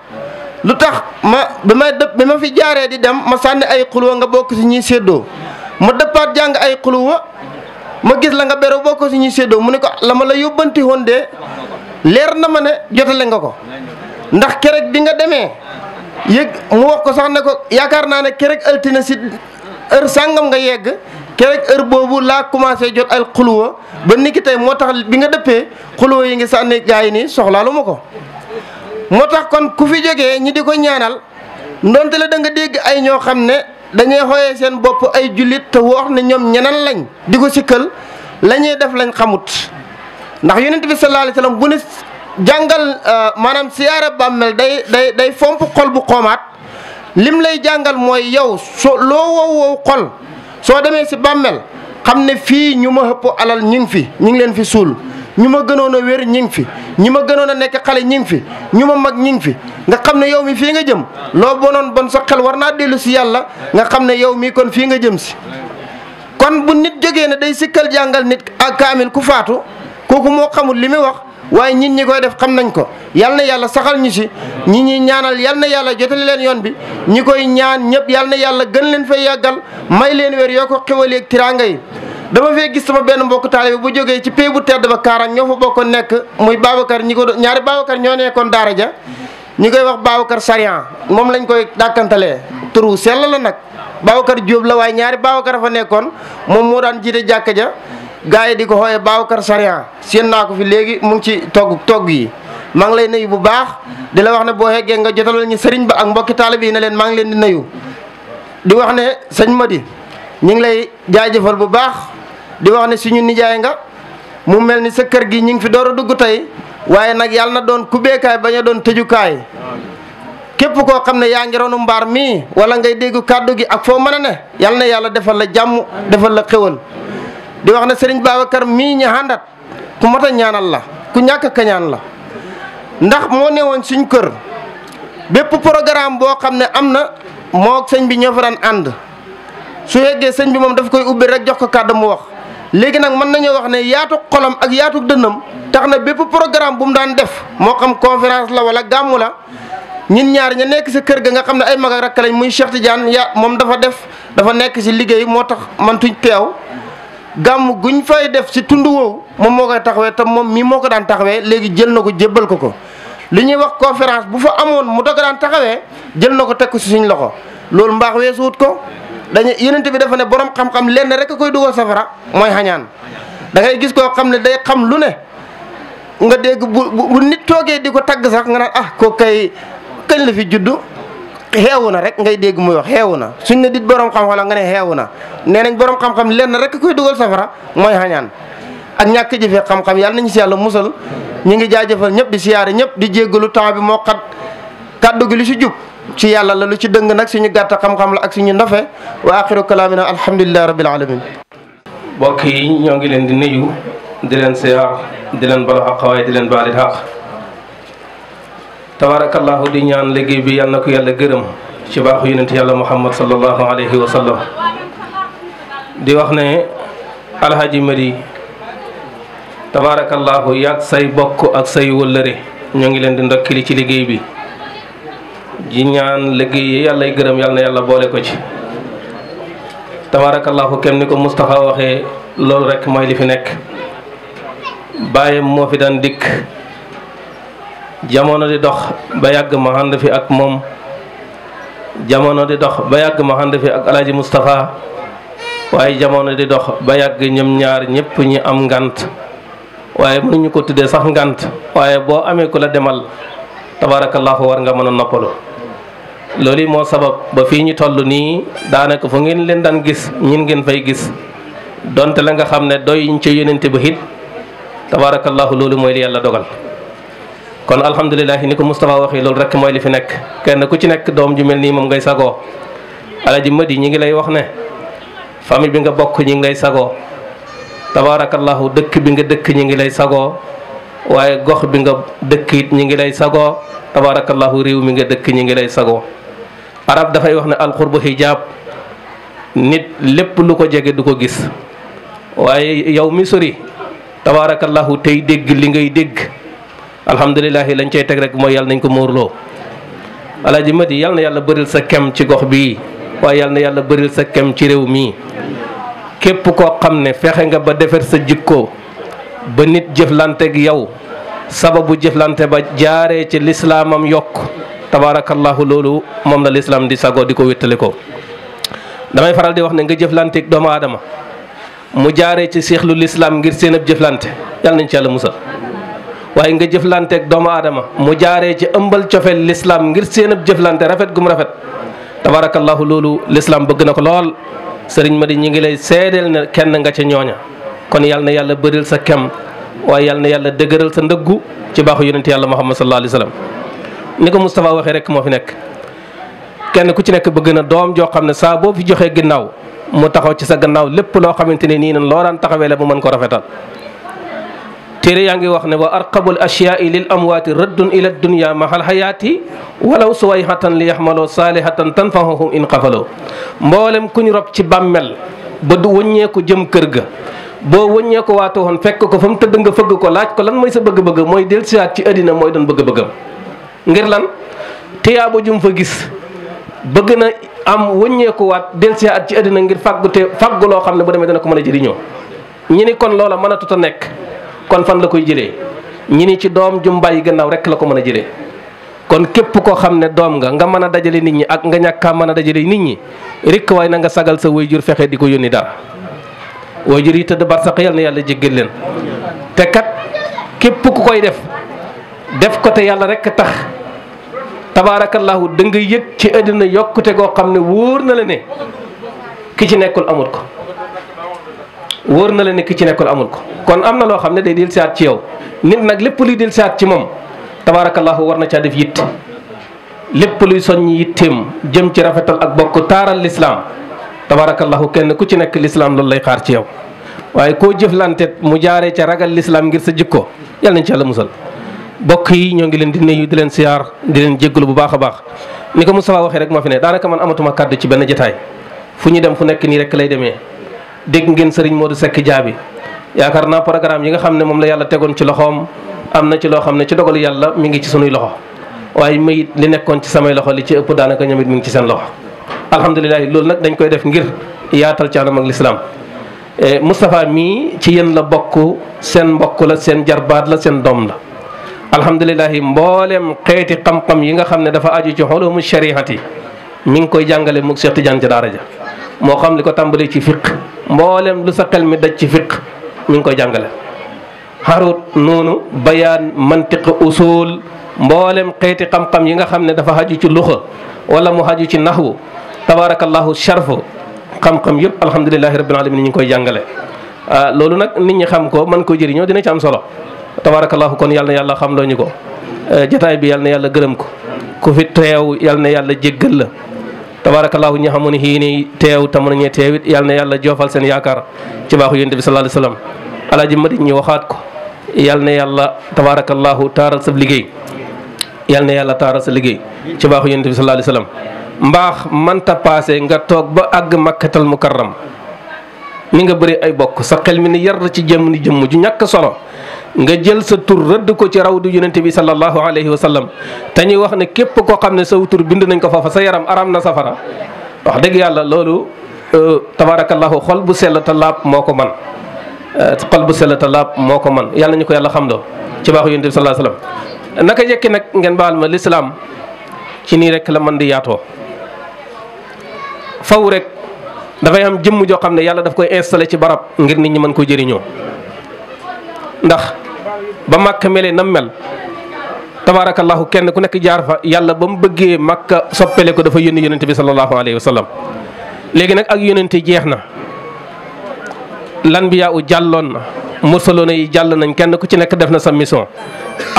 lutax ma bima depp bima fi di dem ma sané ay xulwa nga bok ci ñi séddoo ma dëppaat jang ay xulwa ma gis la nga beru bok ci ñi séddoo mu ne ko lama la yobante hon de leer na ma ne jotale nga ko ndax kerek bi nga demee yég mu wax ko sax ne ko yaakaar naa ne kerek altine si heure sàngam nga yegg kerek heure boobu laa commencé jot al xuluwa ba niki tey moo tax bi nga dëppee xuluwa yi ngi sànni gaa yi nii soxlaalu ko moo tax kon ku fi jógee ñi di ko ñaanal ndonte la da nga dégg ay ñoo xam ne dangay xooyee seen bopp ay jullit te wax ne ñoom ñeneen lañ di ko sikkal lañuy def lañ xamut ndax yonent bi sallallahu alayhi wasallam bu ne jàngal euh, maanaam siyaara bàmmeel day day day fomp xol bu xomaat lim lay jàngal mooy yow so loo wow wow xol soo demee si bàmmeel xam ne fii ñu ma ëpp alal ñi fi ñu ngi leen fi suul ñu ma gënoon a wér ñi fi ñu ma gënoon a nekk xale ñi fi ñu ma mag ñi ngi fi nga xam ne yow mi fii nga jëm loo bonoon bon sa war naa dellu si yàlla nga xam ne yow mii kon fii nga jëm si kon bu nit jógee ne day sikkal jàngal nit a kaamil ku faatu kooku moo xamul li muy wax waaye ñit ñi koy def xam nañ ko yal na yàlla saxal ñu si ñi ñuy ñaanal yal na yàlla jotali leen yoon bi ñi koy ñaan ñëpp yal na yàlla gën leen fa yàggal may leen weer yoo ko xéwaleeg tiraanga yi dama fee gis sama benn mbokku taalibe bu jógee ci pay bu tedd ba Kaarang ñoo fa bokk nekk mooy Babacar ñi ko ñaari Babacar ñoo nekkoon daara ja ñu koy wax Babacar Sarian moom lañ koy dàkkantalee turu sell la la nag Babacar Diop la waaye ñaari Babacar fa nekkoon moom moo daan jiite jàkka ja gars yi di ko xooyee Babacar Sarian seen naa ko fi léegi mu ngi ci togg togg yi maa ngi lay nuyu bu baax di la wax ne boo xeggee nga jotalal ñu sëriñ ba ak mbokki taalibe yi ne leen maa ngi leen di nuyu di wax ne sëñ Madi ñu ngi lay jaajëfal bu baax di wax ne suñu nijaay nga mu mel ni sa kër gi ñu ngi fi door a dugg tey waaye nag yàlla na doon kubbeekaay bañ a doon tëjukaay képp koo xam ne yaa ngi mbaar mii wala ngay dégg kàddu gi ak foo man a ne yàlla na yàlla defal la jàmm defal la xéwal di wax ne Serigne kar mii ñi àndat ku mot a ñaanal la ku ñàkk kañaan la ndax moo newoon suñ kër bépp programme boo xam ne am na moo sëñ bi ñoo fa daan ànd su yeggee sëñ bi moom dafa koy ubbi rek jox ko kàddu mu wax léegi nag mën nañoo wax ne yaatu xolom ak yaatu dënnam tax na bépp programme bu mu daan def moo xam conférence la wala gàmmu la ñun ñaar ña nekk si kër ga nga xam ne ay mag ak rakk muy Cheikh Tidiane ya moom dafa def dafa nekk si liggéey moo tax man tuñ gàmm guñ fay def ci tund woowu moom moo koy taxawee tam moom mii moo ko daan taxawee léegi jël na ko jébbal ko ko li ñuy wax conférence bu fa amoon mu da ko daan taxawee jël na ko teg ko si suñ loxo loolu mbaax weesuwut ko dañu yenente bi dafa ne boroom xam-xam lenn rek a koy dugal safara mooy xañaan da ngay gis koo xam ne day xam lu ne nga dégg bu bu nit toogee di ko tagg sax nga naan ah ko kay kañ la fi juddu xeewu na rek ngay dégg muy wax na suñ ne dit borom xam-xam la nga ne xeewu na nee nañ borom xam-xam lenn rek koy dugal safara mooy xañaan ak ñàkk jëfe xam-xam yàlla nañu si yàlla musal ñu ngi jaajëfal ñëpp di siyaare ñëpp di jéggalu temps bi moo xat kàddu gi lu si jub ci yàlla la lu ci dëng nag suñu gàtt xam-xam la ak suñu ndofe wa axiru kalaamina alhamdulillahi rabbil alamin mbokk yi ñoo ngi leen di nuyu di leen siyaar di leen bala xaq waaye di leen baalit tabaarakallaahu di ñaan liggéey bi yàlla na ko yàlla gërëm ci baaxu yonent yàlla muhammad sallallahu alayhi wa sallam di wax ne alhaji mari tabaarakallaahu yàgg say bokk ak say wëllëre ñoo ngi leen di ndokkili ci liggéey bi ji ñaan liggéey yi yàllay gërëm yàlla yàlla boole ko ci tabaarakallaahu kem ni ko Moustapha waxee loolu rek mooy li fi nekk bàyyam moo fi daan dikk jamono di dox ba yag ma fi ak mom jamono di dox ba yag ma fi ak alaji mustafa waye jamono di dox ba yag ñoom ñaar ñepp ñi am ngant waaye ñu ko tuddee sax ngant waye bo amé la demal war nga mëna noppalu loli mo sabab ba fi ñu toll nii daanaka fu ngeen leen dan gis ñin ngeen fay gis donte la nga xamne doy ñu ci yónnente bu hit tabarakallah loolu moy li yalla dogal kon alhamdulilah ni ko Moustapha waxee loolu rek mooy li fi nekk kenn ku ci nekk doom ju mel nii moom ngay sago alaji madi ñi ngi lay wax ne famille bi nga bokk ñi ngi lay sagoo tabaarakallahu dëkk bi nga dëkk ñu ngi lay sago waaye gox bi nga dëkk it ngi lay sagoo tabaarakallahu réew mi nga dëkk ñi ngi lay sagoo arab dafay wax ne alxurbu hijab nit lépp lu ko jege du ko gis waaye yow mi sori tabaarakallahu tey dégg li ngay dégg alhamdulilahi lañ cay teg rek moo yàlla nañ ko moorloo alaaji di yàlla na yàlla bëril sa kem ci gox bii waaye yàlla na yàlla bëril sa kem ci réew mii képp koo xam ne fexe nga ba defar sa jikko ba nit jëflanteeg yow sababu jëflante ba jaaree ci lislaamam yokk tabaarakallahu loolu moom la lislaam di sago di ko wéttali ko damay faral di wax ne nga jëflanteeg doomu aadama mu jaaree ci seexlu lislaam ngir seen jëflante yàlla nañ ci yàlla musal waaye nga jëflanteeg doomu aadama mu jaaree ci ëmbal cofeel lislaam ngir seen jëflante rafet gu gum rafet tabarakallahu loolu lislaam bëgg na ko lool sëriñ ma di ñu ngi lay seedeel na kenn nga ca ñooña kon yal na yàlla bëril sa kem waaye yal na yàlla dëgëral sa ndëggu ci baaxu yonent yàlla muhammad sallallahu alayhi wa sallam ni ko Moustapha waxee rek moo fi nekk kenn ku ci nekk bëgg na doom joo xam ne saa boo fi joxee ginnaaw mu taxaw ci sa gannaaw lépp loo xamante ne nii nan loo daan taxawee la mu mën ko rafetal téere yaa ngi wax ne wa arqabul ashyaai lil amwaati raddun ila dunya mahal hayaati walaw suwayhatan li yaxmaloo saalihatan tanfahahum in xafaloo mboolem ku ñu rob ci bàmmel ba du wëññeeku jëm kër ga boo wëññee ko woon fekk ko fa mu tëdd nga fëgg ko laaj ko lan mooy sa bëgg-bëgg mooy dellusiwaat ci àddina mooy doon bëgga bëggam ngir lan tiyaabo jum fa gis bëgg na am wëññeeku waat dellusiwaat ci àddina ngir fàggute fàggu loo xam ne bu demee dana ko mën a jëriñoo ñu ni kon loola mënatut nekk kon fan la koy jëlee ñi ni ci doom jum yi gannaaw rek la ko mën a jëlee kon képp koo xam ne doom nga nga mën a dajale nit ñi ak nga ñàkka mën a dajale nit ñi rikk waay na nga sagal sa jur fexe di ko yónni dara wayjur yi tëdd bar sax yal na yàlla jéggal leen te kat képp ku koy def def ko te yàlla rek tax tabaarakallahu da nga yëg ci àddina yokkute goo xam ne wóor na la ne ki ci nekkul amut ko wóor na la ne ci nekkul amul ko kon am na loo xam ne day del saat ci yow nit nag lépp luy del saat ci moom tabaarakallaahu war na caa def yitt lépp luy soññ yitteem jëm ci rafetal ak bokk taaral lislaam tabaarakallaahu kenn ku ci nekk lislaam loolu lay xaar ci yow waaye koo jëflanteet mu jaaree ca ragal lislaam ngir sa jikko yal nañ ci yàlla musal bokk yi ñoo ngi leen di nuyu di leen siyaar di leen jéggalu bu baax a baax ni ko Moustapha waxee rek moo fi ne daanaka man amatuma kàddu ci benn jotaay fu ñu dem fu nekk nii rek lay demee dégg ngeen sëriñ Modou Seck Diaby yaakaar naa programme yi nga xam ne moom la yàlla tegoon ci loxoom am na ci loo xam ne ci dogalu yàlla mu ngi ci sunuy loxo waaye mayit li nekkoon ci samay loxo li ci ëpp daanaka ñoom it mi ngi ci seen loxo alhamdulilah loolu nag dañ koy def ngir yaatal ci anam ak lislaam e, Moustapha mii ci yéen la bokk seen mbokk la seen jarbaat la seen doom la alhamdulilah mbooleem xeeti xam-xam yi nga xam ne dafa aju ci xolumu shariat yi mi ngi koy jàngale moo xam li ko tàmbalee mboolem lu sa xel mi daj ci fiq mi ngi koy jàngale xarut noonu bayaan mantiq usul mboolem xeeti xam-xam yi nga xam ne dafa xaju ci luxa wala mu xaju ci naxwu tabaarakallahu sharfu xam-xam yëpp alhamdulilahi rabbil alamin ñu ngi koy jàngale ah, loolu nag nit ñi xam ko man koo jëriñoo dina ci am solo tabaarakallahu kon yàlla na yàlla xam loo ko eh, jataay bi yàlla na yàlla gërëm ko ku fi teew yàlla na yàlla jéggal la tabaarakallaahu ñi xamoon xii ni teew tamoon ñee teewit yàlla na yàlla joofal seen yaakaar ci baaxu yonent bi sallallaahu alayhi wa sallam alaaji madi ñu waxaat ko yàlla na yàlla tabaarakallaahu taaral sa liggéey yàlla na yàlla taaral sa liggéey ci baaxu yonent bi sallallaahu alayhi wa mbaax manta paase nga toog ba àgg makkatal mukarram ni nga bëri ay bokk sa xel mi ni yar ci jëmm ni jëmm ju ñàkk solo nga jël sa tur rëdd ko ci rawdu yonente bi sallallahu alayhi wa sallam te ñuy wax ne képp koo xam ne saw tur bind nañ ko foofa sa yaram aram na safara wax dëgg yàlla loolu euh, tabaarakallahu xol bu sell ta laab moo ko man euh, xol bu sell ta laab moo ko man yàlla ñu ko yàlla xam doo ci baaxu yonente bi sallallahu alayhi naka jekki nag ngeen baal ma lislaam ci nii rek la man di yaatoo faw rek dafay am jëmm joo xam ne yàlla daf koy installé ci barab ngir nit ñi mën koo jëriñoo ndax ba màkka melee nam mel tabaarakallaahu kenn ku nekk jaar fa yàlla ba mu bëggee màkka soppele ko dafa yónni yonente bi sallallahu alayhi wa sallam léegi nag ak yonente jeex na lanbiyaa u jàlloon na mursaloona yi jàll nañ kenn ku ci nekk def na sa mission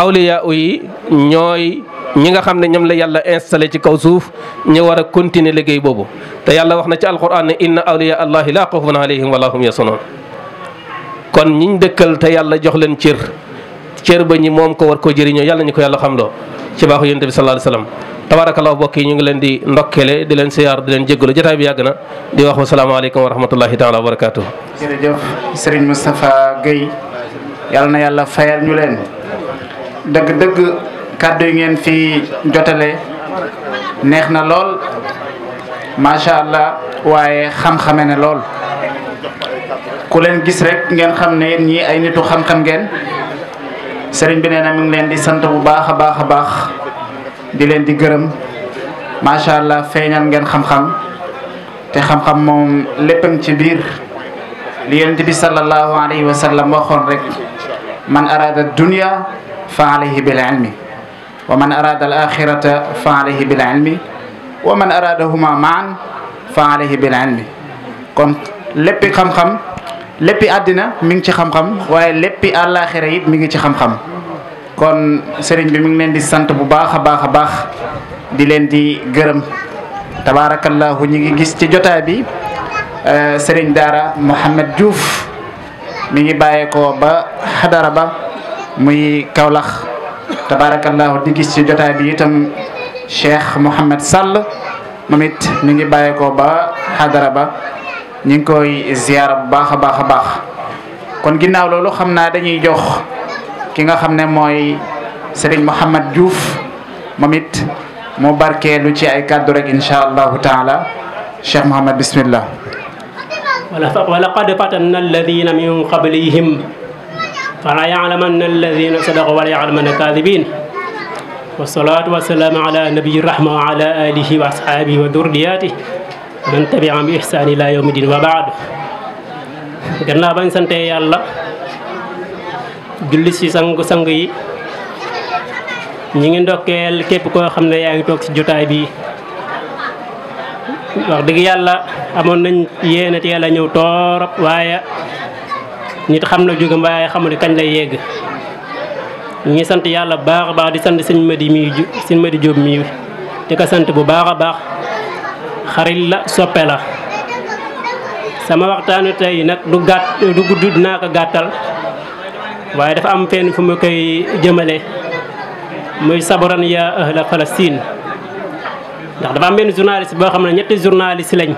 awliyaa u yi ñooy ñi nga xam ne ñoom la yàlla installé ci kaw suuf ñu war a continuer liggéey boobu te yàlla wax na ci alquran ne inna awliya allahi laa xawfun alayhim wala hum yasonoon kon ñiñ dëkkal te yàlla jox leen cër cër ba ñi mom ko war ko jëriñoo yalla ñi ko yalla xam lo ci baxu yonte bi sallallahu alayhi wasallam tabarakallahu bokk yi ñu ngi leen di ndokkeele di leen siyaar di leen jéggul jotaay bi yagna di wax alaykum wa rahmatullahi taala wa barakatuh jërëjëf Serigne mustafa Guèye yalla na yalla fayal ñu leen deug deug kaddu ngeen fi jotale neexna na ma sha allah waye xam-xame ne lool ku leen gis rek ngeen xam ne yeen ñi ay nitu xam-xam ngeen serigne bi nee mi ngi len di sante bu baakha baakha baax a baax di leen di gërëm macha allah feñal ngeen xam-xam te xam-xam mom léppam ci bir li yent bi sallallahu alayhi wa sallam waxon rek man arada dunya fa alayhi bil ilmi wa man arada al akhirata fa alayhi bil ilmi wa man aradahuma maan fa alayhi bil ilmi kon léppi xam-xam léppi àddina mi ngi ci xam-xam waaye léppi àllaaxira it mi ngi ci xam-xam kon sëriñ bi mi ngi leen di sant bu baax a baax a baax di leen di gërëm tabaarakallaahu ñi ngi gis ci jotaa bi euh, sëriñ daara Mouhamed juuf mi ngi bàyyeekoo ba xadara ba muy Kaolack tabaarakallaahu di gis ci jotaay bi itam Cheikh Mouhamed Sall moom it mi ngi bàyyeekoo ba xadara ba ñu ngi koy ziar bu baax a baax a baax kon ginnaaw loolu xam naa dañuy jox ki nga xam ne mooy Serigne Mouhamad Diouf moom it mu lu ci ay kàddu rek incha allahu taala Cheikh Mouhamad bismillah ولقد فتنا الذين من قبلهم فلا يعلمن الذين صدقوا ولا يعلمن الكاذبين والصلاة والسلام على نبي الرحمة وعلى آله وأصحابه وذرياته man tabi'am bi ihsaan ila yawmi din wa ba'd ganna bañ sante yalla julli si sangu sangu yi ñi ngi ndokel képp ko xam yaangi tok ci si jotaay bi wax deug yalla amon nañ yéene teel a ñëw toorop waaye nit xamna na mbaay xamul kañ lay yegg ñi sante yalla baax baax di sante seigne Madi mi sëñ mi te ka sante bu baax baax xarit la soppe la sama waxtanu tay nak du gat du gudud dinaa gatal gàttal dafa am fenn fu ma jëmele muy sabaran ya ahla falastin ndax dafa am ben journaliste bo xamna ñetti journaliste lañ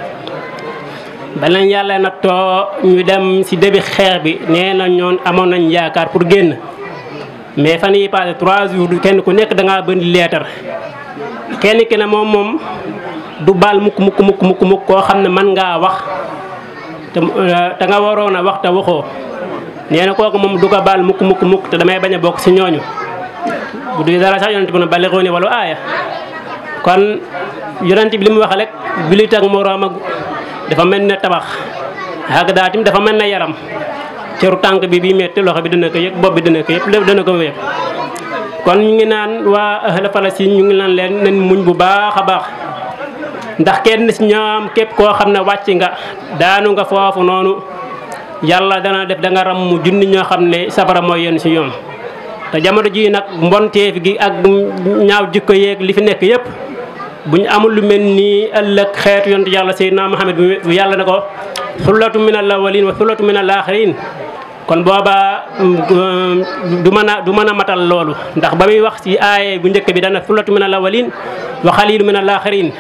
balañ yalla na to ñu dem ci debi xeer bi neena ñoon amon nañ yaakar pour genn mais fan yi passé 3 jours kenn ku nekk da nga bënd lettre kenn ki na mom mom du bal muk muk muk muk muk ko xamne man nga wax da eh, nga waroon wax ta waxo neena na mom du ga bal muk muk muk te damay baña bok ci ñooñu bu du dara sax yonent bu ne balixoo ni walu aya kon yonent bi limu wax rek julit ak moroom ak dafa melne tabax ak daatim dafa melne ne yaram ru tank bi bi metti loxo bi dina ko yek bopp bi dina ko yep lepp dina ko yëg kon ñu ngi naan wa ahla Palestine ñu ngi naan len nañ muñ bu baaxa baax ndax kenn si ñoom képp koo xam ne wàcc nga daanu nga foofu noonu yàlla dana def da nga ram mu junni ñoo xam ne safara mooy yéen si ñoom te jamono ji nag mbonteef gi ak ñaaw jikko yeeg li fi nekk yépp ñu amul lu mel nii ëllëg xeetu yontu yàlla seydina Muhammad bu yàlla ne ko xullatu mi na awalin wa xullatu min al axirin kon booba mm, du mën a du mën a matal loolu ndax ba muy wax ci aaye bu njëkk bi dana xullatu min al awalin wa xalilu min al axirin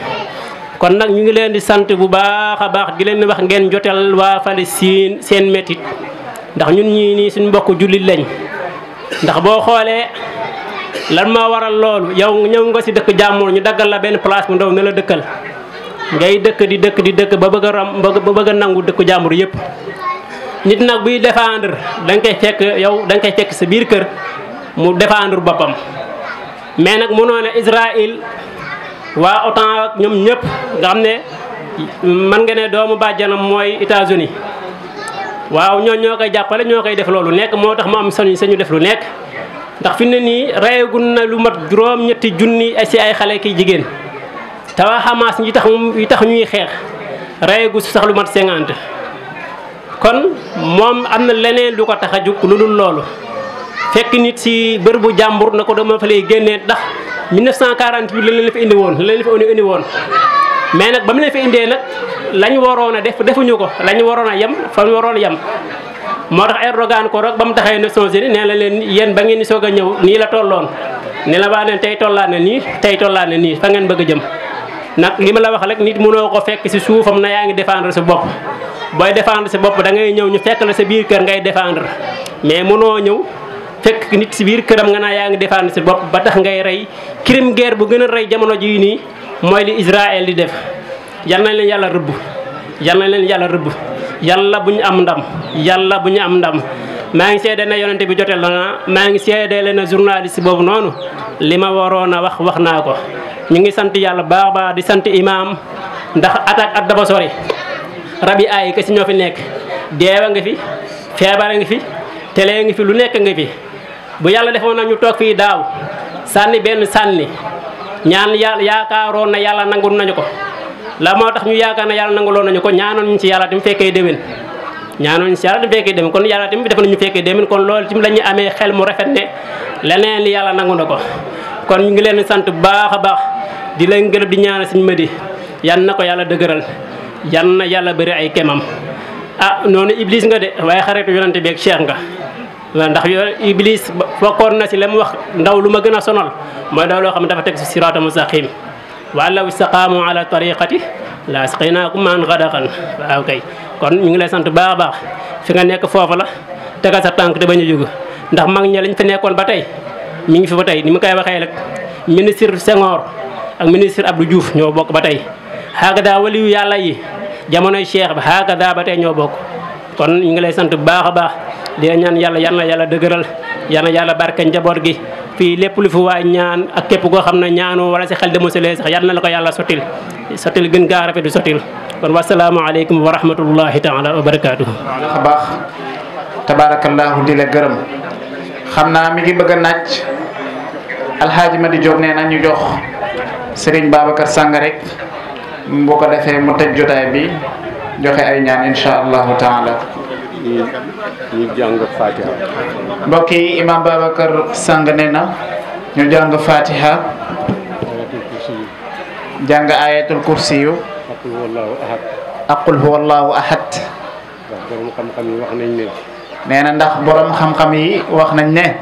kon nak ñu ngi leen di sante bu baaxa baax di leen wax ngeen jotel wa Palestine seen metit ndax ñun ñi ni suñu mbokk julit lañ ndax bo xolé lan ma waral lool yow ñew nga ci dekk jàmmul ñu daggal la ben place bu ndaw ne la dekkal ngay dekk di dekk di dekk ba bëgg ram ba bëgg nangu dekk jàmbur yépp nit nak buy défendre da nga koy fekk yow da koy sa biir kër mu défendre bopam mais nak mënon Israël wa OTAN ak ñom ñep nga xamne man nga ne doomu bàjjanam moy États-Unis waaw ñoo ñoo koy jàppale ñoo koy def lolu nek motax mo am sañu sañu def lu nek ndax fi ne nii na lu mat juroom ñetti junni ay si ay xalé ki jigen taw waa Hamas yi tax yi tax ñuy xeex rayagu sax lu mat 50 kon mom amna leneen lu ko tax a lu lolu loolu fekk nit ci bër bu jàmbur na dama fa lay ndax 1948 lañ leen fi indi woon lañ leen fi indi woon mais nag ba mu leen fi indee nag lañ waroon a def defuñu ko lañ waroon a yem fa ñu waroon yem moo tax Erdogan ko rek ba mu taxee Nations Unies nee la leen yéen ba ngeen di soog a ñëw nii la tolloon ne la waa leen tey tollaat na nii tey tollaat na nii fa ngeen bëgg a jëm nag li ma la wax rek nit mënoo ko fekk si suufam na yaa ngi défendre sa bopp booy défendre sa bopp da ngay ñëw ñu fekk la sa biir kër ngay défendre mais mënoo ñëw fekk nit ci biir këram nga naa yaa ngi defaan si bopp ba tax ngay rey crime guerre bu gën a rey jamono ji nii mooy li Israël di def yal nañ leen yàlla rëbb yal nañ leen yàlla rëbb yàlla bu ñu am ndam yàlla bu ñu am ndam maa ngi seede na yonente bi jotel na maa ngi na journaliste boobu noonu li ma waroon a wax wax naa ko ñu ngi sant yàlla baax baax di sant imam ndax attaque at dafa sori rabi ay ñoo fi nekk deewa nga fi feebara nga fi tele nga fi lu nekk nga fi bu yàlla defoon na ñu toog fii daaw sànni benn sànni ñaan yàlla yaakaaroon na yàlla nangul nañu ko la moo tax ñu yaakaar na yàlla nanguloon nañu ko ñaanoon ñu ci yàlla tam fekkee déwén ñaanoon ñu ci yàlla tam fekkee déwén kon yàlla tam def nañu fekkee déwén kon loolu ci la ñu amee xel mu rafet ne leneen li yàlla nangu na ko kon ñu ngi leen sant bu baax a baax di leen gërëm di ñaanal suñu mëdi yan na ko yàlla dëgëral yan na yàlla bëri ay kemam ah noonu iblis nga de waaye xaritu yonante beeg cheikh nga ndax iblis bokkoon na ci lam wax ndaw luma gëna sonal moy ndaw lo xam dafa tek ci sirata mustaqim wa law istaqamu ala tariqati la asqinaakum man ghadaqan waaw kay kon ñu ngi lay sant baax baax fi nga nek fofu la tega sa tank de bañu jugu ndax mag ñi lañ fa nekkon ba tay mi ngi fi ba tay ni mu kay waxe rek ministre Senghor ak ministre Abdou Diouf ño bok ba haga hagada waliyu yalla yi jamono cheikh ba hagada ba tay ño bok kon ñu ngi lay sant baax baax di ñaan yàlla yal na yàlla dëgëral yal na yàlla barke njaboot gi fii lépp lu fi waay ñaan ak képp koo xam na ñaanoo wala si xel de mosalee sax yal na la ko yàlla sottil sottil gën gaa rafet du sottil kon wasalaamaaleykum wa rahmatullahi taala wa barakaatu. waaw baax tabaarakallaahu di la gërëm xam naa mi ngi bëgg a naaj alxaaji Madi Diop nee na ñu jox Serigne Babacar Sang rek bu ko defee mu tëj jotaay bi joxe ay ñaan incha allahu taala. ñi ñi jàng fatiha mbokk yi imam Babacar Sang ne na ñu jàng fatiha jàng ayatul kursi yu aqul huwallahu ahad aqul huwallahu ahad ndax borom xam na ndax borom xam-xam yi wax nañ ne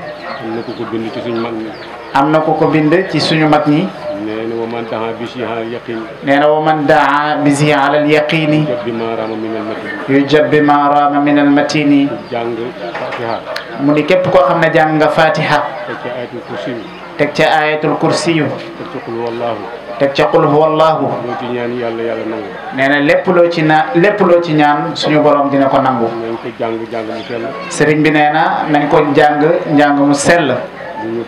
am na ku ko bind ci suñu mag ñi am na ku ko bind ci suñu mag ñi nee na wa man daa bisi alal yaqin. nee na wa man daa bisi alal yaqini. jabbi mu ni képp koo xam ne jàng nga fatiha. teg ca ayatul kursi ca ayatul kursi yu. teg ca qul huwallaahu. yàlla yàlla nangu. na lépp loo ci lépp loo ci ñaan suñu borom dina ko nangu. nañ ko jàng jàng mu nee na nañ ko jàng njàng mu sell. bu ñu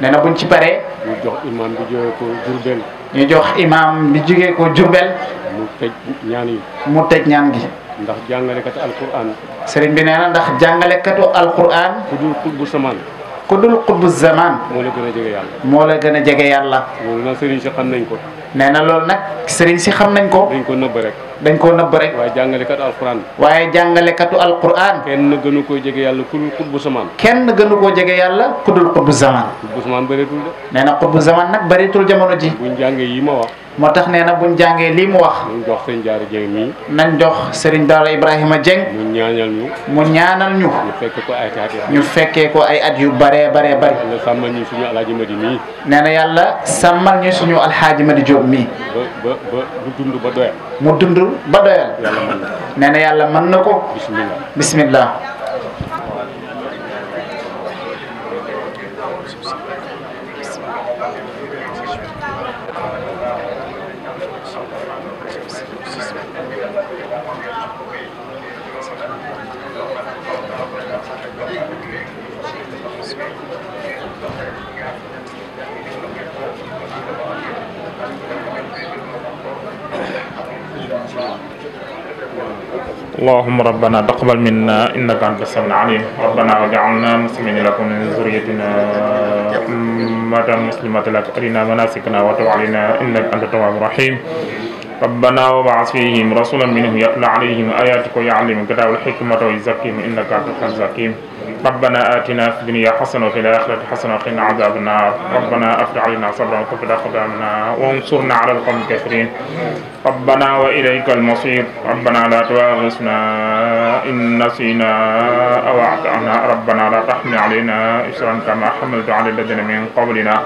nee na buñ ci paree. ñu jox imam bi jógee ko Jurbel. ñu jox imam bi jógee ko Jurbel. mu tëj ñaan yi. mu tëj ñaan gi. ndax jàngalekatu alquran. sëriñ bi nee na ndax jàngale jàngalekatu alquran. ku dul xutbu samaan. ku dul xutbu zamaan. moo la gën a jege yàlla. moo la gën a yàlla. loolu nag sëriñ si xam nañ ko. nee na loolu nag sëriñ si xam nañ ko. dañ ko nëbb rek. dañ koo nëbb rek. waaye jàngalekatu alquran. waaye jàngalekatu alquran. kenn gënu koo jege yàlla kudul xutbu zaman. kenn gënu koo jege yàlla kudul xutbu zaman. xutbu zaman bëreetul de. nee na xutbu zaman nag bëreetul jamono ji. buñ jàngee yi ma wax. moo tax nee na buñ jàngee lii mu wax. nañ jox sëriñ Daara Dieng mii. nañ jox sëriñ Daara Ibrahima Dieng. mu ñaanal ñu. mu ñaanal ñu. ñu fekkee ko ay at yu. ñu fekkee ko ay at yu baree baree bari. nee na sàmmal ñu suñu alxaaji nee na yàlla sàmmal ñu suñu alxaaji Madi Diop mii. ba ba ba mu dund ba doyal. mu dund ba doyal. yàlla na yàlla mën na ko. bismillah bismillah. اللهم ربنا تقبل منا إنك أنت السميع العليم ربنا وجعلنا مسلمين لك من ذريتنا أمة مسلمة لك أرنا مناسكنا وتب علينا إنك أنت التواب الرحيم ربنا وبعث فيهم رسولا منهم يتلى عليهم آياتك ويعلمهم كتاب الحكمة ويزكيهم إنك أنت الحكيم ربنا آتنا في الدنيا حسنة وفي الآخرة حسنة وقنا عذاب النار ربنا أفرغ علينا صبرا وكفر أقدامنا وانصرنا على القوم الكافرين ربنا وإليك المصير ربنا لا تؤاخذنا إن نسينا أو أعطانا ربنا لا تحمل علينا إسرا كما حملت على الذين من قبلنا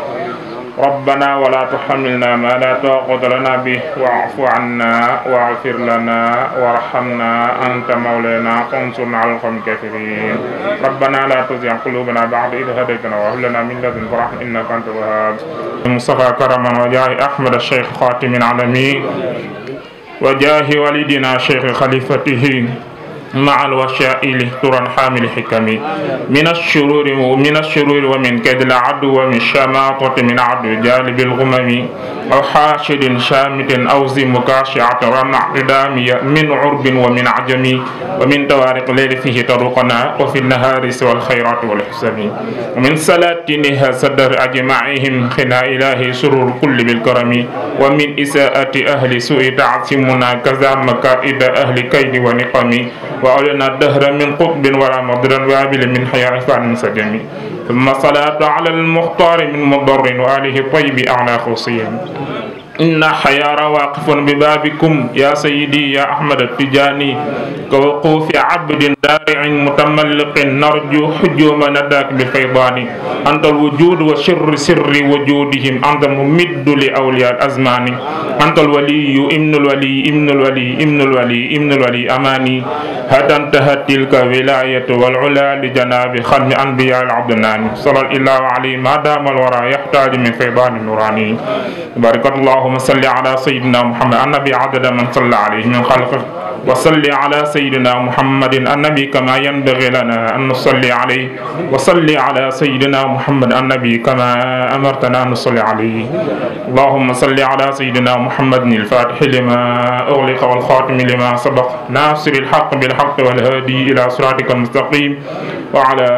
ربنا ولا تحملنا ما لا طاقة لنا به واعف عنا واغفر لنا وارحمنا أنت مولانا فانصرنا على القوم الكافرين ربنا لا تزغ قلوبنا بعد إذ هديتنا وهب لنا من لدنك رحمة إنك أنت الوهاب المصطفى كرما وجاه أحمد الشيخ خاتم العالمين وجاه والدنا شيخ خليفته مع الوشائل ترى حامل حكم من الشرور ومن الشرور ومن كيد العدو ومن شماطة من عدو جالب الغمم أو حاشد شامت أو زي مكاشعة رمع إدامية من عرب ومن عجمي ومن توارق الليل فيه طرقنا وفي النهار سوى الخيرات والحسن ومن سلاتنها صدر أجمعهم خنا إله سرور كل بالكرم ومن إساءة أهل سوء تعصمنا كذا مكائد أهل كيد ونقم وعلنا الدهر من قطب ولا مضر وابل من حياء فان سجم ثم صلاة على المختار من مضر وآله الطيب أعلى خصيا إن حيار واقف ببابكم يا سيدي يا أحمد التجاني كوقوف عبد دارع متملق نرجو حجوم نداك بفيضاني أنت الوجود وشر سر وجودهم أنت ممد لأولياء الأزمان أنت الولي إمن الولي إمن الولي إمن الولي إمن الولي أماني هذا انتهت تلك ولاية والعلا لجناب خدم أنبياء العبدناني صلى الله عليه ما دام الورى يحتاج من فيضان نوراني بارك الله اللهم صل على سيدنا محمد النبي عدد من صلى عليه من خلقه وصل على سيدنا محمد النبي كما ينبغي لنا أن نصلي عليه وصل على سيدنا محمد النبي كما أمرتنا أن نصلي عليه اللهم صل على سيدنا محمد الفاتح لما أغلق والخاتم لما سبق ناصر الحق بالحق والهادي إلى صراطك المستقيم وعلى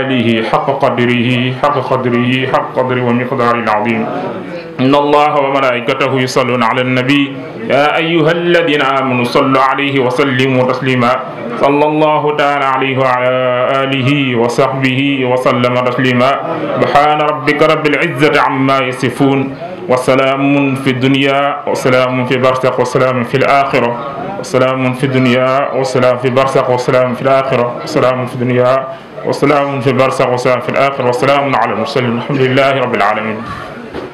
آله حق قدره حق قدره حق قدره ومقدار العظيم إن الله وملائكته يصلون على النبي يا أيها الذين آمنوا صلوا عليه وسلموا تسليما صلى الله تعالى عليه وعلى آله وصحبه وسلم تسليما سبحان ربك رب العزة عما يصفون وسلام في الدنيا وسلام في برزخ وسلام في الآخرة وسلام في الدنيا وسلام في برزخ وسلام في الآخرة وسلام في الدنيا وسلام في برزخ وسلام في الآخرة وسلام على المرسلين الحمد لله رب العالمين